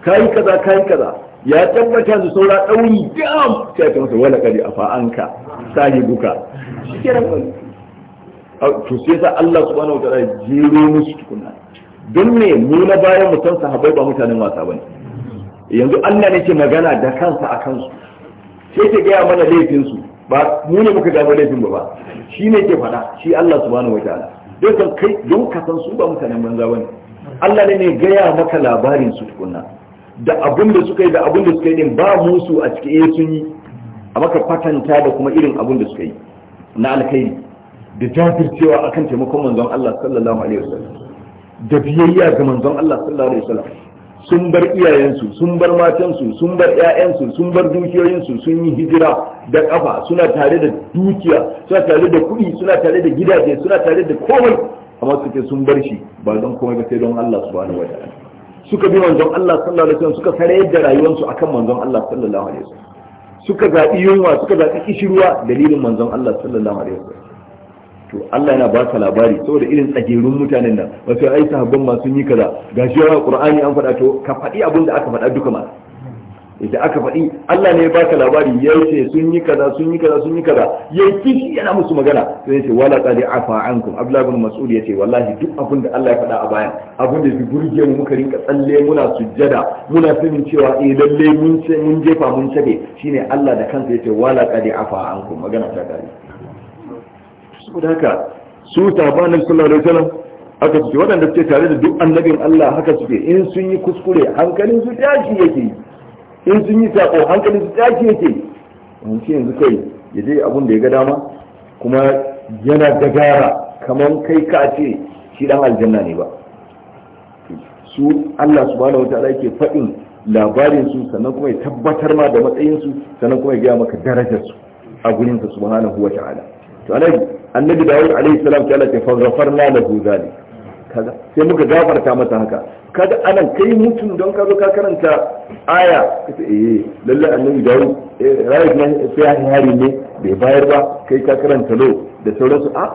kai kaza kai kaza ya tabbata da saura ɗauri dam sai ka masa wala kadi afa anka sahi duka to sai sa Allah subhanahu wa ta'ala jero musu tukuna don me mu na bayan mu san sahabbai ba mutanen wasa bane yanzu Allah ne ke magana da kansa a kansu sai ke gaya mana laifin su ba mu ne muka gaba laifin ba shi ne ke faɗa shi Allah subhanahu wa ta'ala don san kai don ka san su ba mutanen banza bane Allah ne ne gaya maka labarin su tukuna. da abin da suka yi da abin da suka yi din ba musu a cikin eh sun yi amma ka kwatanta da kuma irin abin da suka yi na alkhairi da jafircewa akan taimakon manzon Allah sallallahu alaihi wasallam da biyayya ga manzon Allah sallallahu alaihi wasallam sun bar iyayensu sun bar matansu sun bar ƴaƴansu sun bar dukiyoyinsu sun yi hijira da kafa suna tare da dukiya suna tare da kuɗi suna tare da gidaje suna tare da komai amma suke sun bar shi ba don komai ba sai don Allah subhanahu wataala suka bi manzon Allah sallallahu alaihi wasallam suka sarayar da rayuwarsu akan manzon Allah sallallahu alaihi wasallam suka zaɓi yunwa suka zaɓi kishirwa dalilin manzon Allah sallallahu alaihi wasallam to Allah yana ba ka labari saboda irin tsagerun mutanen nan masu ai sahabban ma sun yi kaza gashi a Qur'ani an faɗa to ka faɗi abin da aka faɗa duka ma idan aka faɗi Allah ne ya baka labari ya ce sun yi kaza sun yi kaza sun yi kaza ya kishi yana musu magana sai ya ce wala qad afa ankum Abdullah ibn Mas'ud ya ce wallahi duk abin da Allah ya faɗa a baya abin da ya burge mu muka rinka tsalle muna sujjada muna sanin cewa eh lalle mun ce mun jefa mun shabe shine Allah da kansa ya ce wala qad afa ankum magana ta kare saboda haka su tabanin sallallahu alaihi wasallam haka suke waɗanda suke tare da duk annabin Allah haka suke in sun yi kuskure hankalin su tashi yake yi in sun yi sako hankali su tsaki yake mun yanzu kai ya je abin da ya ga dama kuma yana da gara kamar kai ka ce shi dan aljanna ne ba su Allah subhanahu wataala yake faɗin labarin su sannan kuma ya tabbatar ma da matsayin su sannan kuma ya gaya maka darajar su a gurin sa subhanahu wataala to alai annabi dawud alaihi salam ta Allah ta farrafarna lahu zalik kaza sai muka gafarta masa haka kaga anan kai mutum don ka zo ka karanta aya kace eh lalle annabi dawo eh rayu na sai ya hari ne bai bayar ba kai ka karanta lo da sauransu a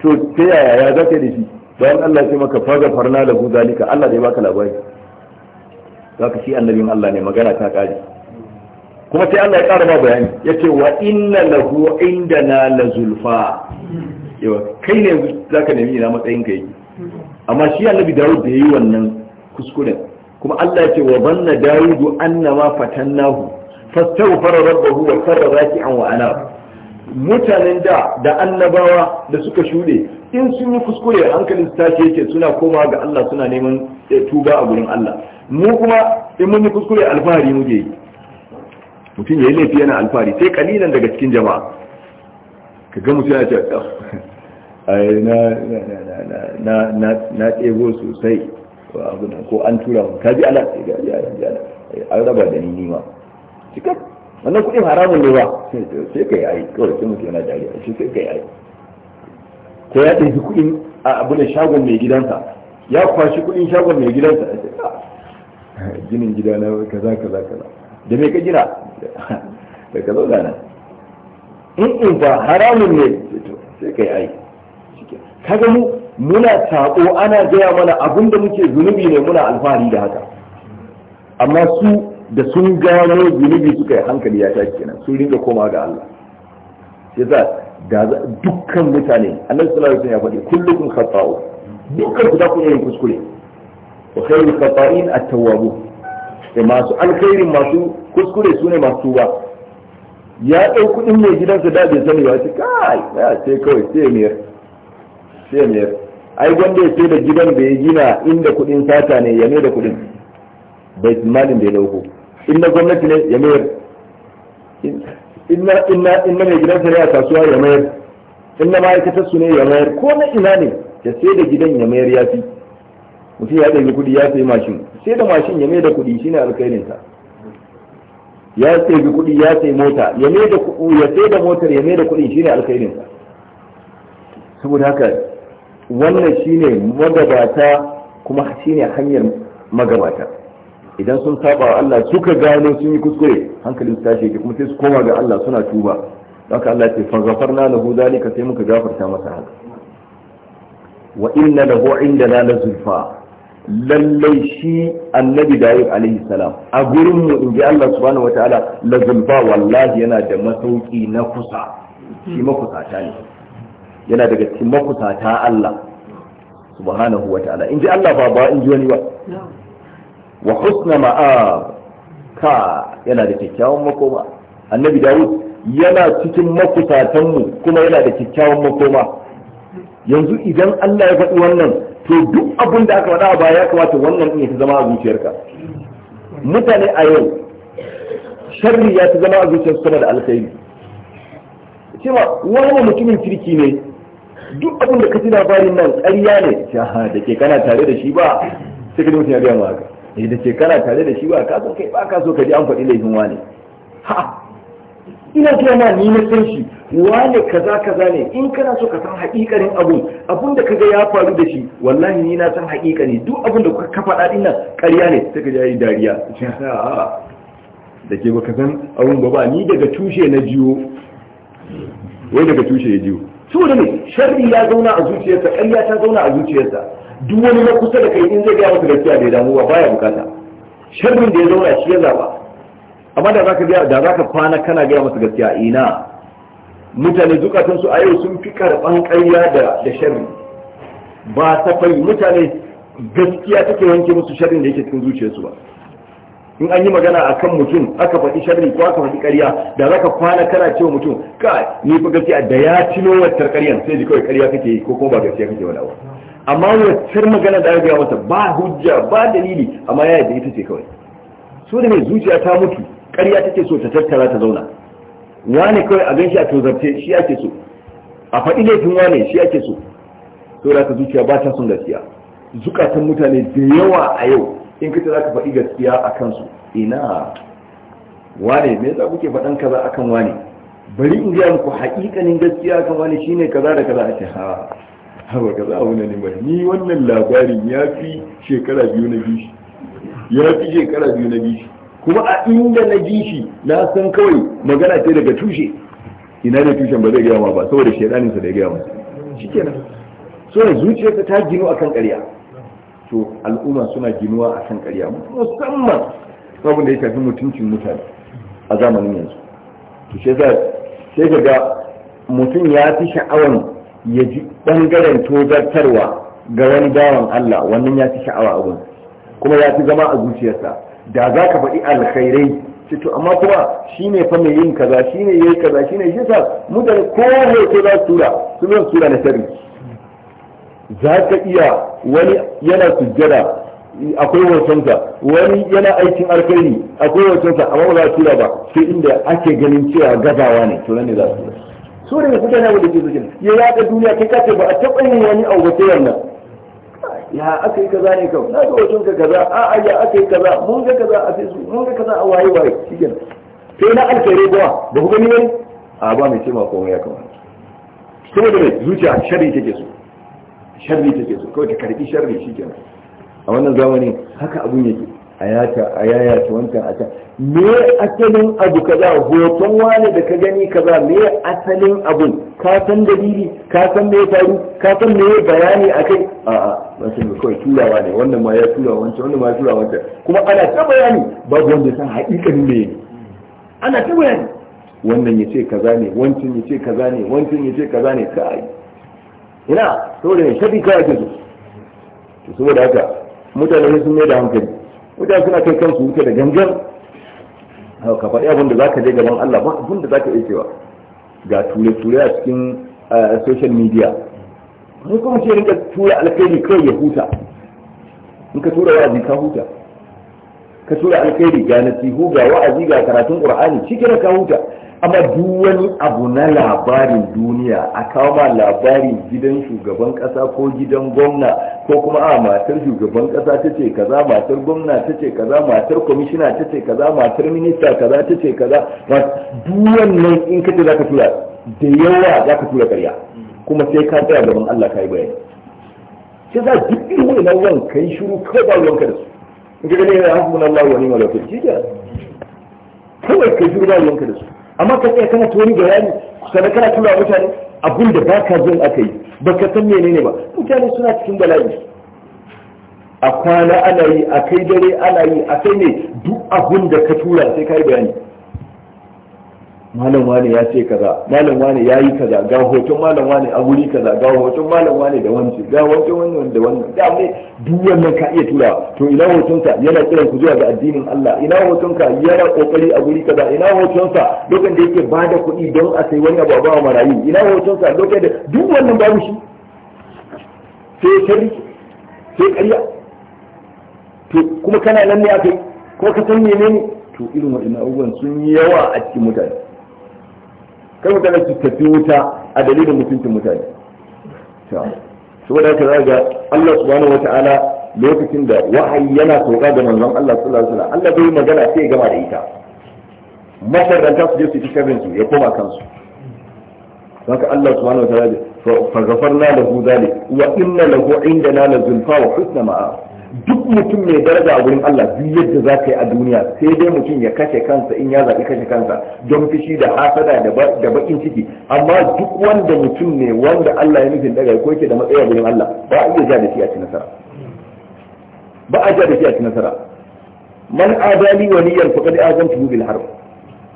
to ta yaya ya zaka da shi Allah ya ce maka faga farna da hu zalika Allah zai baka labari zaka shi annabin Allah ne magana ta kare kuma sai Allah ya ƙara ma bayani yace wa inna lahu indana la zulfa yawa kai ne zaka nemi ina matsayin kai amma shi annabi dawud da yayi wannan kuskuren kuma Allah ya ce wa banna dawud annama fatannahu fastaghfara rabbahu wa sarra raki'an wa ana mutanen da da annabawa da suka shuɗe in sun yi kuskure hankalin su tashi yake suna koma ga Allah suna neman eh, tuba a gurin Allah mu kuma in mun yi kuskure alfahari mu yi mutum ya yi laifi yana alfahari sai kalilan daga cikin jama'a ka ga mutum ya ce na tsego sosai ko an tura mu ka ji ala an raba da ni nima cikar wannan kuɗin haramun ne ba sai ka yi ai kawai sai mutu yana jari a sai ka yi ai ko ya ɗaiki kuɗin a abin shagon mai gidansa ya kwashi kuɗin shagon mai gidansa a ce ah, ginin gida na kaza kaza kaza da me ka jira da ka zauna nan in in ba haramun ne sai ka yi ai kaga mu muna sako ana gaya mana abin da muke zunubi ne muna alfahari da haka amma su da sun gano zunubi suka yi hankali ya tashi kenan sun ringa koma ga Allah yasa da dukkan mutane Allah sallallahu alaihi wasallam ya faɗi kullukum khata'u dukkan ku da ku yi kuskure wa khairu khata'in at tawwabu Da masu alkhairi masu kuskure sune masu tuba ya ɗau kuɗin mai gidansa da bai sani ba sai kai sai kawai sai miyar sai mayar ai wanda ya sai da gidan da ya gina inda kuɗin sata ne ya mai da kuɗin bai malin bai dauko in na gwamnati ne ya mayar in na mai gidan ne a kasuwa ya mayar in na ma'aikatar su ne ya mayar ko na ina ne ya sai da gidan ya mayar ya fi mutum ya ɗauki kuɗi ya sai mashin sai da mashin ya mai da kuɗi shine alkhairinsa ya sai kuɗi ya sai mota ya mai da ya sai da motar ya mai da kuɗi shine alkhairinsa saboda haka wannan shine magabata kuma shine hanyar magabata idan sun saba wa Allah suka gano sun yi kuskure hankalin su tashi yake kuma sai su koma ga Allah suna tuba don haka Allah ya ce fa ghafarna lahu zalika sai muka gafarta masa haka wa inna lahu indana la zulfa lallai shi annabi dayub alaihi salam a gurin mu inji Allah subhanahu wataala la zulfa wallahi yana da masauki na kusa shi makusata ne yana daga cikin makusata Allah subhanahu wa ta'ala in ji Allah ba ba in ji wani ba wa husna ma'ab ka yana da kyakkyawan makoma annabi dawud yana cikin makusatanmu kuma yana da kyakkyawan makoma yanzu idan Allah ya faɗi wannan to duk abin da aka faɗa ba ya kamata wannan ne ta zama a zuciyarka mutane a yau sharri ya ta zama a zuciyarsu sama da alkhairi cewa wani mutumin kirki ne duk abin da ka ji labarin nan ƙarya ne da ke kana tare da shi ba sai ka ji mutum ya gaya maka eh da ke kana tare da shi ba ka san kai ba ka so ka ji an faɗi laifin wane ha ina gaya ma ni na san shi wane kaza kaza ne in kana so ka san haƙiƙanin abun abun da kaga ya faru da shi wallahi ni na san haƙiƙa ne duk abun da ka faɗa din nan ƙarya ne sai ka ji yayi dariya da ke baka san abun ba ba ni daga tushe na jiwo wai daga tushe ya jiwo saboda ne sharri ya zauna a zuciyarsa ƙarya ta zauna a zuciyarsa duk wani na kusa da kai in zai gaya masa gaskiya bai damu ba baya bukata sharrin da ya zauna shi ya zaba amma da zaka ga da zaka kwana kana gaya masa gaskiya ina mutane zukatan su a yau sun fi karban ƙarya da da sharri ba safai mutane gaskiya take wanke musu sharrin da yake cikin zuciyarsu ba in an yi magana a kan mutum aka faɗi sharri ko aka faɗi ƙarya da za ka kwana kana cewa mutum ka ni gaskiya da ya tuno waccar ƙaryan sai ji kawai ƙarya kake yi ko kuma ba gaskiya kake wadawa amma waccar magana da aka masa ba hujja ba dalili amma ya yadda ita ce kawai so da mai zuciya ta mutu ƙarya take so ta tattara ta zauna wane kawai a gan shi a tozarce shi ake so a faɗi laifin wane shi ake so to da ka zuciya ba ta son gaskiya zukatan mutane da yawa a yau in kace za ka faɗi gaskiya a kansu ina wane me yasa kuke faɗan kaza akan wane bari in gaya muku haƙiƙanin gaskiya akan wane shine kaza da kaza a ce ha haba kaza abu ne ba ni wannan labarin ya fi shekara biyu na bishi ya fi shekara biyu na bishi kuma a inda na bishi na san kawai magana ce daga tushe ina ne tushen ba zai gaya ma ba saboda shaidaninsa da ya gaya masa shikenan so zuciyarsa ta ginu akan ƙarya to al'umma suna ginuwa a kan ƙarya musamman babu da ya tafi mutuncin mutane a zamanin yanzu to sai ga mutum ya fi sha'awan ya ji ɓangaren tozartarwa ga wani bawan Allah wannan ya fi sha'awa abun. kuma ya fi zama a zuciyarsa da za ka faɗi alkhairai ce to amma kuma shi ne fa mai yin kaza shi ne ya yi kaza shi ne shi sa mutane ko hoto za su tura su zan tura na sharri za ka iya wani yana sujjada akwai wancansa wani yana aikin alkhairi akwai wancansa amma ba za a tura ba sai inda ake ganin cewa gazawa ne to ne za su so daga mutane wanda ke zuciya ya yaɗa duniya kai kace ba a taɓa yin wani abu ba sai wannan ya aka yi kaza ne kawai na ga wajen ka kaza a a ya aka yi kaza mun ga kaza a fesu. mun ga kaza a waye waye shikenan sai na alkhairi kuma ba ku gani ne a ba mai ce ma komai ya kamata saboda mai zuciya shari'a take so sharri take so kawai ta karbi sharri shi ke a wannan zamani haka abun yake a yata a yayata wancan a can me asalin abu kaza hoton wani da ka gani kaza me asalin abun ka san dalili ka san me faru ka san me bayani kai a a ba san kawai turawa ne wannan ma ya tura wancan wannan ma ya tura wancan kuma ana ta bayani babu wanda san haƙiƙanin me ana ta bayani wannan ya ce kaza ne wancan ya ce kaza ne wancan ya ce kaza ne kai ina saboda da shafi kawai ke su saboda haka mutane sun mai da hankali mutane suna kai kansu wuce da gangan ka faɗi abin da za ka je gaban Allah ba abin da za ka iya cewa ga ture-ture a cikin social media mun kuma ce rinka tura alkhairi kawai ya huta in ka tura wa'azi ka huta ka tura alkhairi ga nasihu ga wa'azi ga karatun qur'ani shi kira ka huta amma duk wani abu na labarin duniya a kawo ma labarin gidan shugaban kasa ko gidan gwamna ko kuma a matar shugaban kasa ta ce kaza matar gwamna ta ce kaza matar kwamishina ta ce kaza matar minista kaza ta ce kaza duk wannan in ka ce za ka tura da yawa za ka tura karya kuma sai ka tsaya gaban Allah ka yi bayani sai za duk irin wani nan kai shiru ka ba ruwanka da su in ga ne ya hasbun Allah wa ni'mal wakil kawai kai shiru ba ruwanka da su amma ka tsaya kana tuwani bayani sannan kana tura mutane abun da baka jin aka yi baka san menene ba mutane suna cikin bala'i a kwana ana yi a kai dare ana yi a kai ne duk abun da ka tura sai ka yi bayani malam wane ya ce kaza malam wane ya yi kaza ga hoton malam wane a wuri kaza ga hoton malam wane da wancan ga hoton wani da wannan Ga mai duk wannan ka iya tura to ina hotonka yana kiran ku zuwa ga addinin Allah ina hotonka yana kokari a wuri kaza ina hotonsa lokacin da yake bada kuɗi don a sai wani abu a marayu ina hotonsa lokacin da duk wannan babu shi sai shari sai kariya to kuma kana nan ne kai ko ka san menene to irin waɗannan abubuwan sun yi yawa a cikin mutane sai mutane su tafi wuta a dalilin mutuncin mutane saboda haka za ga Allah subhanahu wata'ala lokacin da wahayi yana sauka ga manzon Allah sallallahu alaihi wasallam Allah bai magana sai ya gama da ita masharranta su je su ci sharrin su ya koma kansu haka Allah subhanahu wata'ala fa ghafarna lahu dhalik wa inna lahu indana la zulfa wa husna ma'a duk mutum mai daraja a wurin Allah duk yadda za ka yi a duniya sai dai mutum ya kashe kansa in ya zaɓi kashe kansa don fushi da hasada da baƙin ciki amma duk wanda mutum ne wanda Allah ya nufin daga ko yake da matsayi a wurin Allah ba a iya ja da shi a ci nasara ba a ja da shi a ci nasara man adali waliyan faqad azamtu bil harb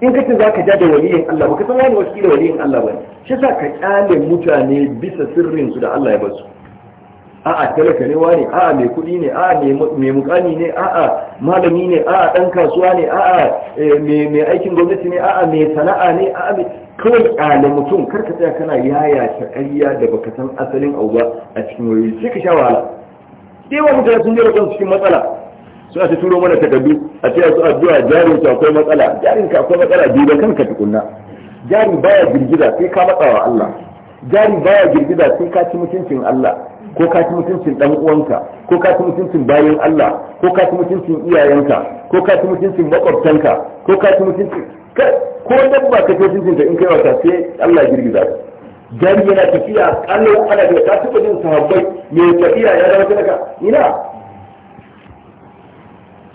in kace za ka ja da waliyin Allah ba ka san wani wasu da waliyin Allah ba shi sa ka kyale mutane bisa sirrin su da Allah ya basu a'a talaka ne wane a'a mai kuɗi ne a'a mai mukami ne a'a malami ne a'a ɗan kasuwa ne a'a eh, mai aikin gwamnati ne a'a mai sana'a ne a'a mai kawai ƙyale mutum kar ka tsaya kana yaya ta ƙarya da baka san asalin abu ba a cikin wuri sai ka sha wahala sai wa mutane sun jira kansu cikin matsala suna ta turo mana takardu a ce su addu'a jarin ka akwai matsala jarin ka akwai matsala duba kanka tukunna jari baya girgiza sai ka matsawa Allah jari baya girgiza sai ka ci mutuncin Allah ko ka ci mutuncin dan uwanka ko ka ci mutuncin bayan Allah ko ka ci mutuncin iyayenka ko ka ci mutuncin makwabtanka ko ka ci mutuncin ko dabba ka ci mutuncin da in kai wata sai Allah girgiza ka jari yana tafiya kallon ana da ka ci mutuncin sahabbai me tafiya ya dawo daga ina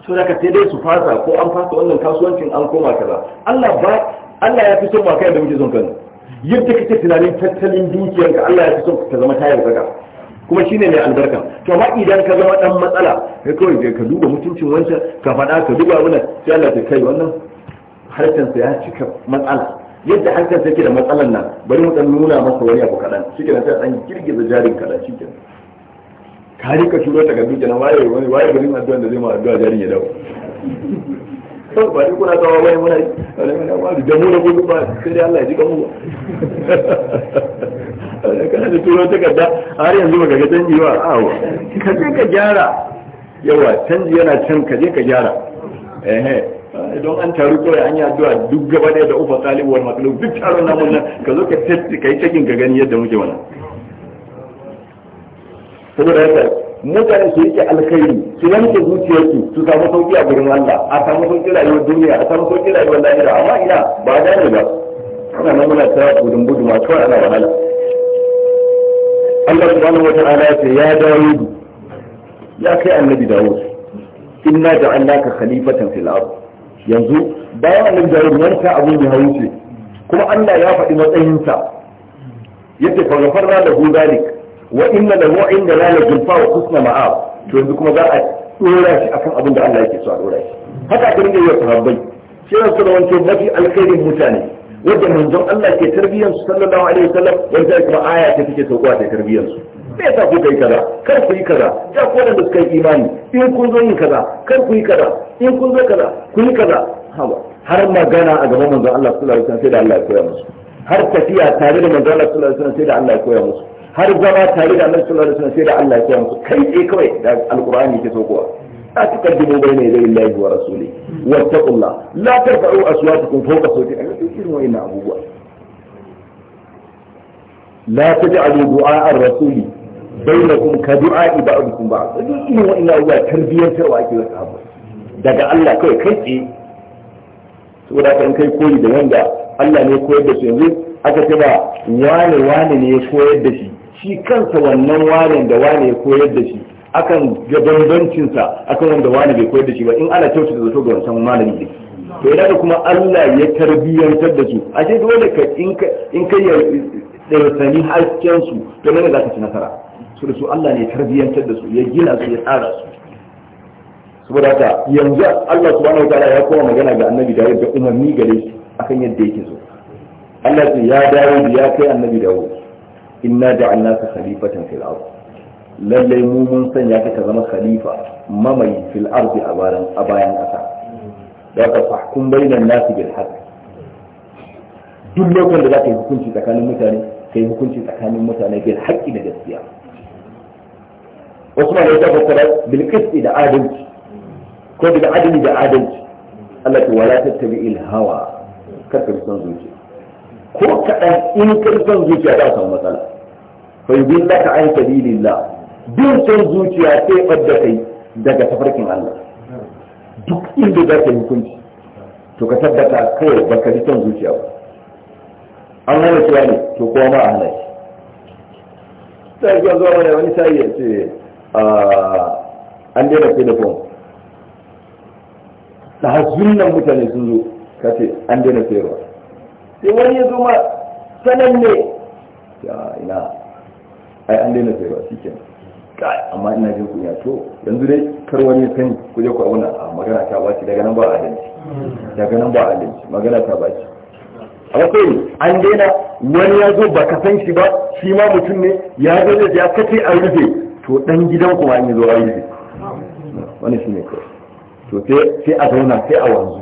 so da ka sai dai su fasa ko an fasa wannan kasuwancin an koma ba Allah ba Allah ya fi son ma kai da muke son kanka yadda kake tunanin tattalin dukiyarka Allah ya fi son ka zama tayar daga kuma shine mai albarka to amma idan ka zama dan matsala kai kawai ka duba mutuncin wancan ka faɗa ka duba wannan sai Allah ta kai wannan harshen sa ya cika matsala yadda harshen sa yake da matsalan nan bari mu dan nuna masa wani abu kadan shike nan sai dan girgiza jarin kadan shike ka rika shiro ta gabi kenan waye wani waye garin addu'a da zai ma addu'a jarin ya dawo to ba kuna kuna tawa wani muna da mu da gobe ba sai dai Allah ya ji mu da turo takarda har yanzu ba ga canji ba awo ka je ka gyara yawa canji yana can ka je ka gyara ehe don an taru kawai an yi zuwa duk gaba ɗaya da ufa talibuwar wal duk taron namun nan ka zo ka test ka yi cikin ka gani yadda muke wannan saboda haka mutane su yake alkhairi su yanke zuciyarsu su samu sauki a gurin Allah a samu sauki rayuwar duniya a samu sauki rayuwar lahira amma ina ba gane ba ana nan ta gudun masu kawai ana wahala Allah subhanahu wata'ala ce ya dawo ya kai annabi Dawud inna ja'alnaka khalifatan fil ard yanzu bayan annabi Dawud wanka abun ya hauce kuma Allah ya faɗi matsayinsa yace fa ghafarna lahu dhalik wa inna lahu inda la zulfa wa husna ma'ab to yanzu kuma za a dora shi akan abin da Allah yake so a dora shi haka aka rinka yi wa sahabbai sai su da wancan mafi alkhairin mutane wanda manzon Allah ke tarbiyyar su sallallahu alaihi wasallam wanda kuma aya ta take saukowa ta tarbiyyar su me yasa ku kai kaza kar ku yi kaza ya ku da suka yi imani in kun zo yin kaza kar ku yi kaza in kun zo kaza ku yi kaza hawa har magana a gaban manzon Allah sallallahu alaihi wasallam sai da Allah ya koya musu har tafiya tare da manzon Allah sallallahu alaihi wasallam sai da Allah ya koya musu har zama tare da Allah sallallahu alaihi wasallam sai da Allah ya koya musu kai tsaye kawai da alqur'ani ke saukowa لا تقدموا بين يدي الله ورسوله واتقوا الله لا ترفعوا أصواتكم فوق صوت النبي وإن لا تجعلوا دعاء الرسول بينكم كدعاء بعضكم بعض إن وإن أبوه تربية وأجل الصحابة daga Allah kai kai tsaye saboda kan kai koyi da wanda Allah ne koyar da su yanzu aka ce ba wane wane ne ya koyar da shi shi kansa wannan wane da wane ya koyar da shi akan ga sa akan wanda wani bai koyar da shi ba in ana kyautata zato ga wancan malami ne to yana da kuma Allah ya tarbiyyantar da su a ce dole ka in ka yi ɗarsani hasken su to nan za ka ci nasara su da su Allah ne tarbiyyantar da su ya gina su ya tsara su saboda haka yanzu Allah subhanahu wa ta'ala ya koma magana ga annabi da yadda umarni gare shi akan yadda yake so Allah ya dawo ya kai annabi dawo inna ja'alnaka khalifatan fil ardh lallai mu mun sanya ka zama khalifa mamayi fil ardi a bayan a bayan kasa da ka fahkum bainan nasi bil haqq duk lokacin da zaka yi hukunci tsakanin mutane kai hukunci tsakanin mutane bil haqqi da gaskiya wasu ma da ya fassara bil qisti da adalci ko bil adli da adalci Allah ta wala tattabi'il hawa karka ka son zuci. ko kaɗan in ka karfin zuciya za a samu matsala fa yi laka an sabilillah bin san zuciya sai fadda kai daga tafarkin Allah duk inda za ka hukunci to ka tabbata kawai ba ka ji son zuciya ba an hana cewa ne to kowa ma a hana shi sai ya zuwa mana wani sai ya ce ah, an daina kai da fom sahazun nan mutane sun zo ka ce an daina ruwa sai wani ya zo ma sanan ne ya ina ai an daina sayarwa shi kenan amma ina jin kunya to yanzu dai kar wani sani ku je ku abuna a ah, magana ta baci daga nan ba a adalci daga nan ba a adalci magana ta baci akwai an daina wani ya zo ba ka san shi ba shi ma mutum ne ya zo da ya kace a rufe to dan gidan ku ma an zo a rufe wani shi ne ko to sai a zauna sai a wanzu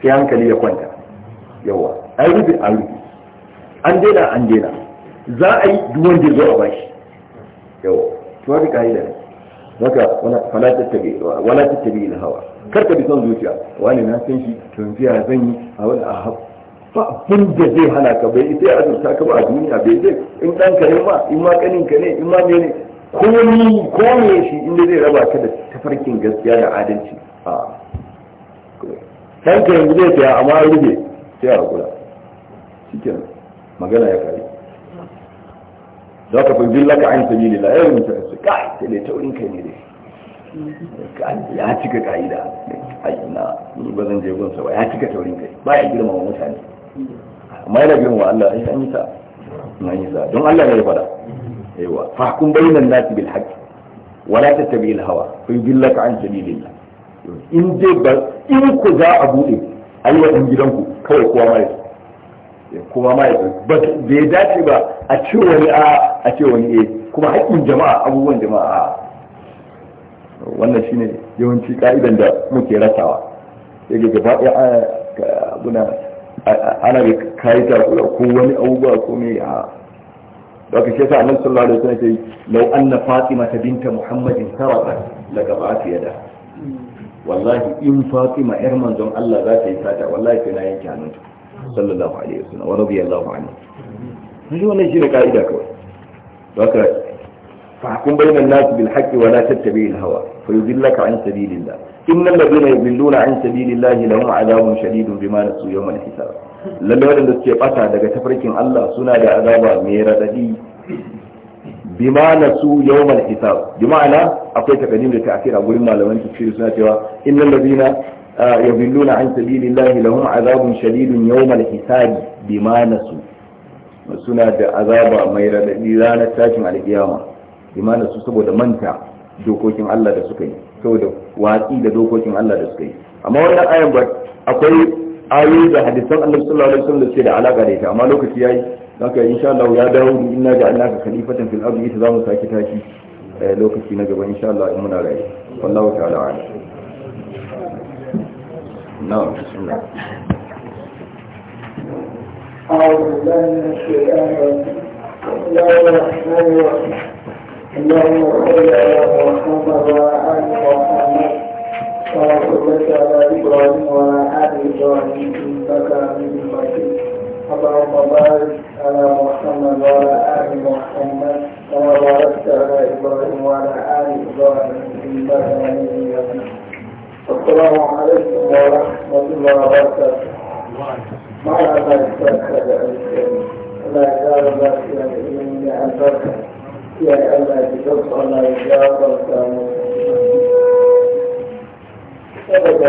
sai hankali ya kwanta yawa an rufe a rufe an daina an daina za a yi duwan da zo a bashi yawa shi wani ka'ida ne maka wala tattabi wala tattabi hawa kar ka bi son zuciya wani na san shi to zan yi a wani a ba abin da zai hana ka bai ita ya azurta ka ba a duniya bai zai in ɗan ka ne ma in ma ƙanin ka ne in ma mene ne ko ni ko me shi inda zai raba ka da tafarkin gaskiya da adalci a ɗan ka yanzu zai tsaya amma rufe sai a kula shi magana ya kare za ka fi billaka an sabi da layar mutum su kai sai dai taurin kai ne ya cika ka'ida ai na ba zan je gunsa ba ya cika taurin kai ba ya girmama mutane amma yana girmama Allah ai an yi sa an yi sa don Allah ne ya fada yawa fahkum bayanan nasi bil haqq wala tattabi'il hawa fi billaka an sabilillah in dai ba in ku za a bude ayyukan gidanku kawai kowa mai kuma ma ya ba ya dace ba a ce wani a a ce wani a eh. kuma haƙƙin jama'a abubuwan jama'a wannan shine yawanci ka'idan da muke rasawa ga gaba ɗaya abuna ana da kayi takura ko wani abubuwa ko me a daga shi yasa annabi sallallahu alaihi wasallam sai law anna fatima binta muhammadin sarata la qaba'at yada hmm. wallahi in fatima yar manzon Allah za ta yi sata wallahi sai na yanke hannunta sallallahu alaihi wasallam wa radiyallahu anhu yi wannan shi ne ka'ida kawai haka fahkum bainan nas bil haqqi wa la tattabi' al hawa fa yudillaka an sabilillah innal ladina yudilluna an sabilillah lahum adhabun shadidun bima nasu yawm al hisab lalle wadanda suke bata daga tafarkin Allah suna da azaba mai radadi bima su yawm al hisab bi ma'ana akwai takadim da ta'khir a gurin malaman tafsir suna cewa in innal ladina يضلون عن سبيل الله لهم عذاب شديد يوم الحساب بما نسوا suna da azaba mai raɗaɗi ranar tashin saboda manta dokokin Allah da suka yi saboda watsi da dokokin Allah da suka yi amma wannan ayan ba akwai ayoyi da hadisan Allah sallallahu alaihi wasallam da suke da alaka da ita amma lokaci yayi haka insha Allah ya dawo inna ja'alnaka khalifatan fil ardi ita zamu saki tashi lokaci na gaba insha Allah نعم بسم الله أعوذ بالله من الشيطان الرجيم بسم الله الرحمن الرحيم اللهم صل على محمد وعلى آل محمد كما صليت على إبراهيم وعلى آل إبراهيم إنك حميد مجيد اللهم بارك على محمد وعلى آل محمد كما باركت على إبراهيم وعلى آل إبراهيم إنك حميد مجيد السلام عليكم ورحمة الله وبركاته مع البركة لا يزال الله في العلم البركة في العلم بشرط الله يجاب وكامل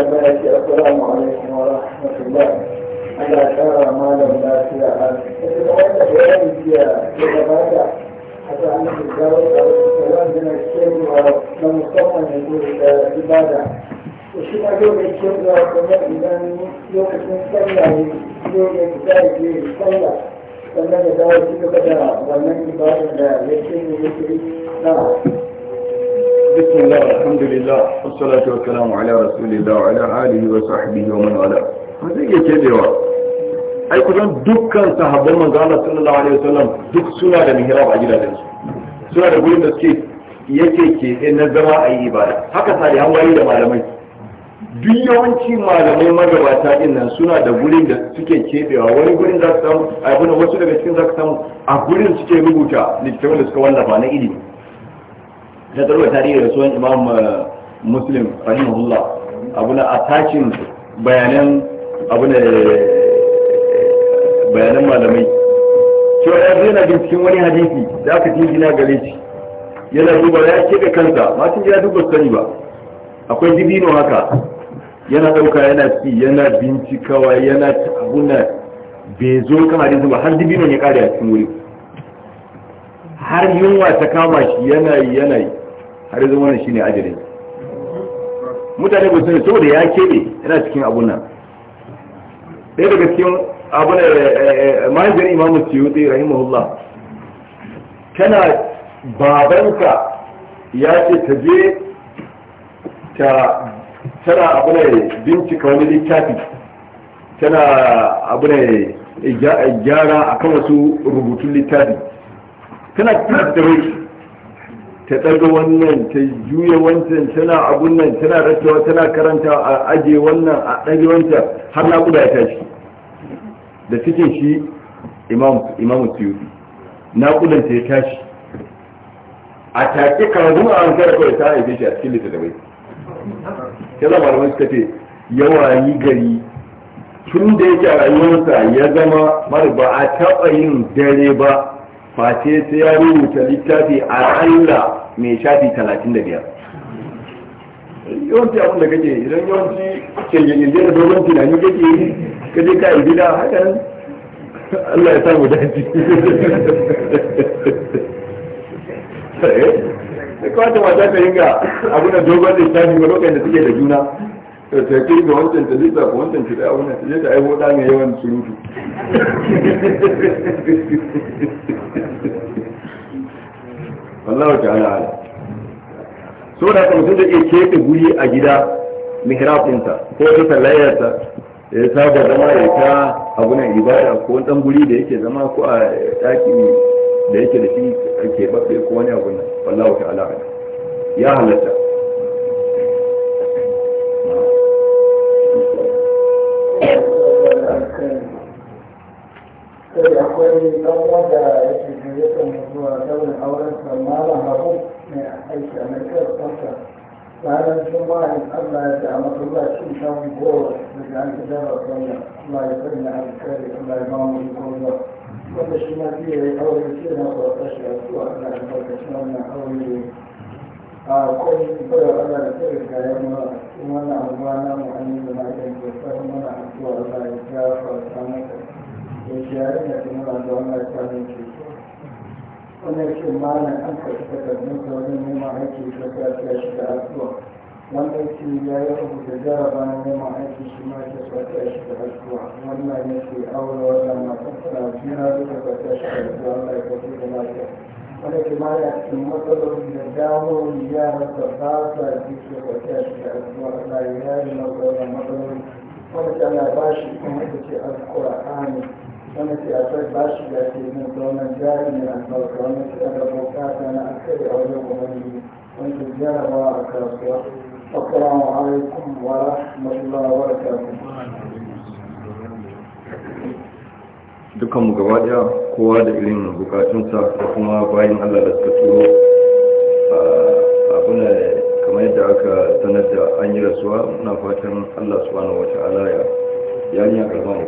السلام عليكم ورحمة الله أنا ترى ما لم لا في أحد حتى أن الجواب السلام من الشيء والمصطفى يقول إلى عبادة shi ma dole ke ga kuma idan lokacin sallah ne dole ya fita ya je sallah sannan ya dawo ci gaba da wannan ibadar da ya ce ne yake na بسم الله والحمد لله والصلاة والسلام على رسول الله وعلى آله وصحبه ومن والاه zai iya kebewa ai kusan dukkan sahabban manzo Allah sallallahu alaihi wasallam duk suna da mihrab a gidajensu suna da gurin da suke yake ke na zama a yi ibada haka sai an wayi da malamai duk yawanci malamai magabata din nan suna da gurin da suke kebewa wani gurin za su samu abin wasu daga cikin za su samu a gurin suke rubuta littattafan da suka wallafa na ilimi ta tarwa tarihi da suwan imam eh, muslim rahimahullah abu na tashin bayanan na eh, bayanan malamai cewa ya zai bin cikin wani hadisi da aka jingina gare shi yana duba ya keɓe kansa matan ya duba sani ba akwai dibino haka yana dauka yana ci yana bincikawa yana ci abuna bai zo kan hadisi ba har dibinon ya kare a cikin wuri har yunwa ta kama shi yana yi yana yi har yanzu wannan shine ajalin mutane ba sani saboda ya kebe yana cikin abun nan ɗaya daga cikin abun eh, eh, eh, mahaifiyar imamu suyuti rahimahullah tana babanka ya ce ta je ta tana abu ne bincika wani littafi tana abu ne gyara a kan wasu rubutun littafi tana tattare ta tsarga wannan ta juya wancan tana abun nan tana rattawa tana karanta a aje wannan a ɗage wancan har na kuda ya tashi da cikin shi imamu tiyuti na kudan ta ya tashi a take karabu a an kawai ta haife shi a cikin littattafai ya zama da suka ce yawa yi gari tun da yake rayuwarsa ya zama mara ba a taɓa yin dare ba face sai ya rubuta littafi a ƙalla mai shafi talatin da biyar yawanci abin da kake idan yawanci kirgirgirgir da tunani kake kaje ka yi gida hakan Allah ya samu daji sai kawata mata ta ringa abu na dogon da lissafi ba lokacin da suke da juna to ta kai ga wancan ta lissa ko wancan ta da wannan ta je ta aiwo da mai yawan surutu wallahi ta'ala ala so da kuma sun da ke kete guri a gida mihrafinta ko ita layarta ya saba zama ya ta abu na ibada ko dan guri da yake zama ko a daki da yake da shi ake babbe ko wani abu nan wallahu ta'ala ya halatta sai akwai ɗanwa allah ya da masallaci samun gowar an gidan rasulun allah ya sanya alkhairi allah ya ba mu ikon zuwa wanda shi ma zai yi auren shi na kwata shi a zuwa ana da farkashin wannan aure a kwai kwaya ana da tsirin kayan ma wannan abuwa na mu'anin da ma'aikatan ke tsar mana a zuwa ba ya shafa samun ya shi yayin da kuma na da wannan kwanin ke wannan shi ma na an karɓi takardun sauran neman aiki ta kasuwa shi da asuwa wanda ke ya yi abu da jaraba na neman aiki shi ma ke fata shi da addu'a wannan ya aure na fata juna duka fata shi da addu'a ya fata da lafiya wanda ke ma ya cikin matsalolin da dawo ba ji ke fata shi da addu'a Allah ya yari na wannan matsalolin wanda ke ana ba shi kuma ita ce wanda ke akwai ba shi da ke yin zaunan jari ne albarka wanda ke da bukata na akai a wajen ubangiji wanda jarabawa a kasuwa السلام عليكم ورحمة الله وبركاته dukanmu gaba daya kowa da irin bukatunsa da kuma bayan allah da suka turo abuna kamar yadda aka sanar da an yi rasuwa muna fatan allah subhanahu wa ta'ala ya yani a karfa mu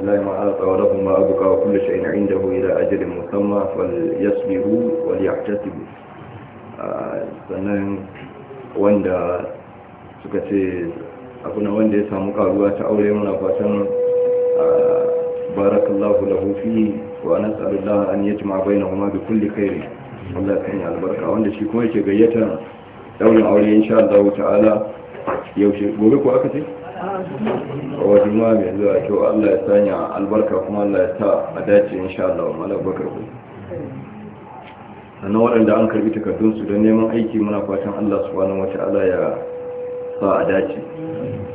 لا معاق ولهما أبقى وكل شيء عنده musamman أجل مسمى فليصبروا وليحتسبوا sannan wanda suka ce abu na wanda ya samu karuwa ta aure muna fatan barakallahu lahu fi wa nas'alullah an kuma bainahuma kulle kai khair Allah ya yi albarka wanda shi kuma yake gayyata daurin aure sha Allah ta'ala yaushe gobe ko aka ce wajen ma mai zuwa kyau Allah ya sanya albarka kuma Allah ya sa a dace sha Allah malaka bakar ku sannan waɗanda an karbi takardunsu don neman aiki muna fatan allah subhanahu wa ta'ala ya sa a dace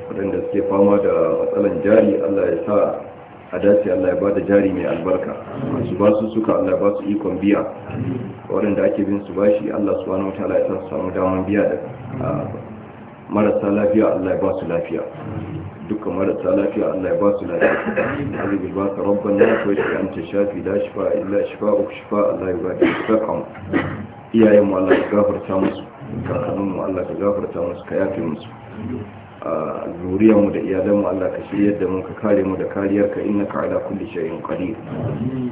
waɗanda suke fama da matsalan jari allah ya sa a dace allah ya ba da jari mai albarka masu ba su suka allah ya ba su ikon biya waɗanda ake bin su bashi allah subhanahu wa ta'ala ya sa su samu daman biya da marasa lafiya allah ya ba su lafiya dukkan marasa lafiya Allah ya ba su lafiya azubi ba ka rabban na kawai shi an ta shafi da shifa illa shifa uku shifa Allah ya ba ta shifakan iyayen mu Allah ka gafarta musu kakannin mu Allah ka gafarta musu ka yafe musu a zuriyar mu da iyalan mu Allah ka shiryar da mu ka kare mu da kariyar ka innaka ala kulli shay'in qadir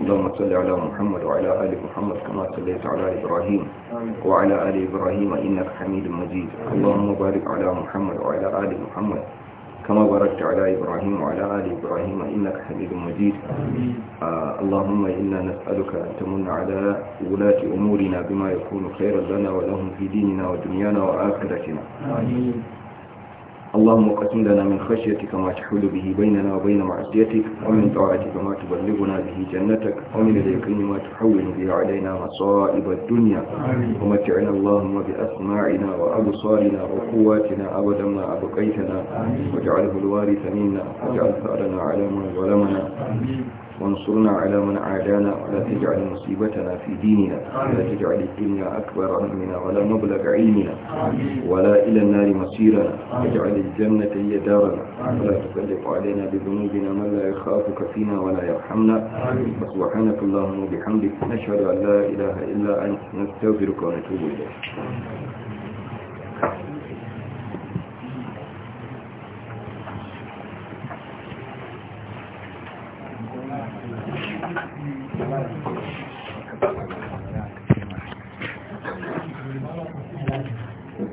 Allahumma salli ala Muhammad wa ala ali Muhammad kama sallaita ala Ibrahim wa ala ali Ibrahim innaka Hamidum Majid Allahumma barik ala Muhammad wa ala ali Muhammad كما باركت على إبراهيم وعلى آل إبراهيم إنك حميد مجيد آه اللهم إنا نسألك أن تمن على ولاة أمورنا بما يكون خيرا لنا ولهم في ديننا ودنيانا وآخرتنا آمين اللهم قسم لنا من خشيتك ما تحول به بيننا وبين معصيتك ومن طاعتك ما تبلغنا به جنتك ومن اليقين ما تحول به علينا مصائب الدنيا ومتعنا اللهم بأسماعنا وأبصارنا وقواتنا أبدا ما أبقيتنا واجعله الوارث منا واجعل ثأرنا على من ظلمنا وانصرنا على من عادانا ولا تجعل مصيبتنا في ديننا ولا تجعل الدنيا أكبر همنا ولا مبلغ علمنا ولا إلى النار مصيرنا واجعل الجنة هي دارنا ولا تسلط علينا بذنوبنا من لا يخافك فينا ولا يرحمنا سبحانك اللهم وبحمدك نشهد أن لا إله إلا أنت نستغفرك ونتوب إليك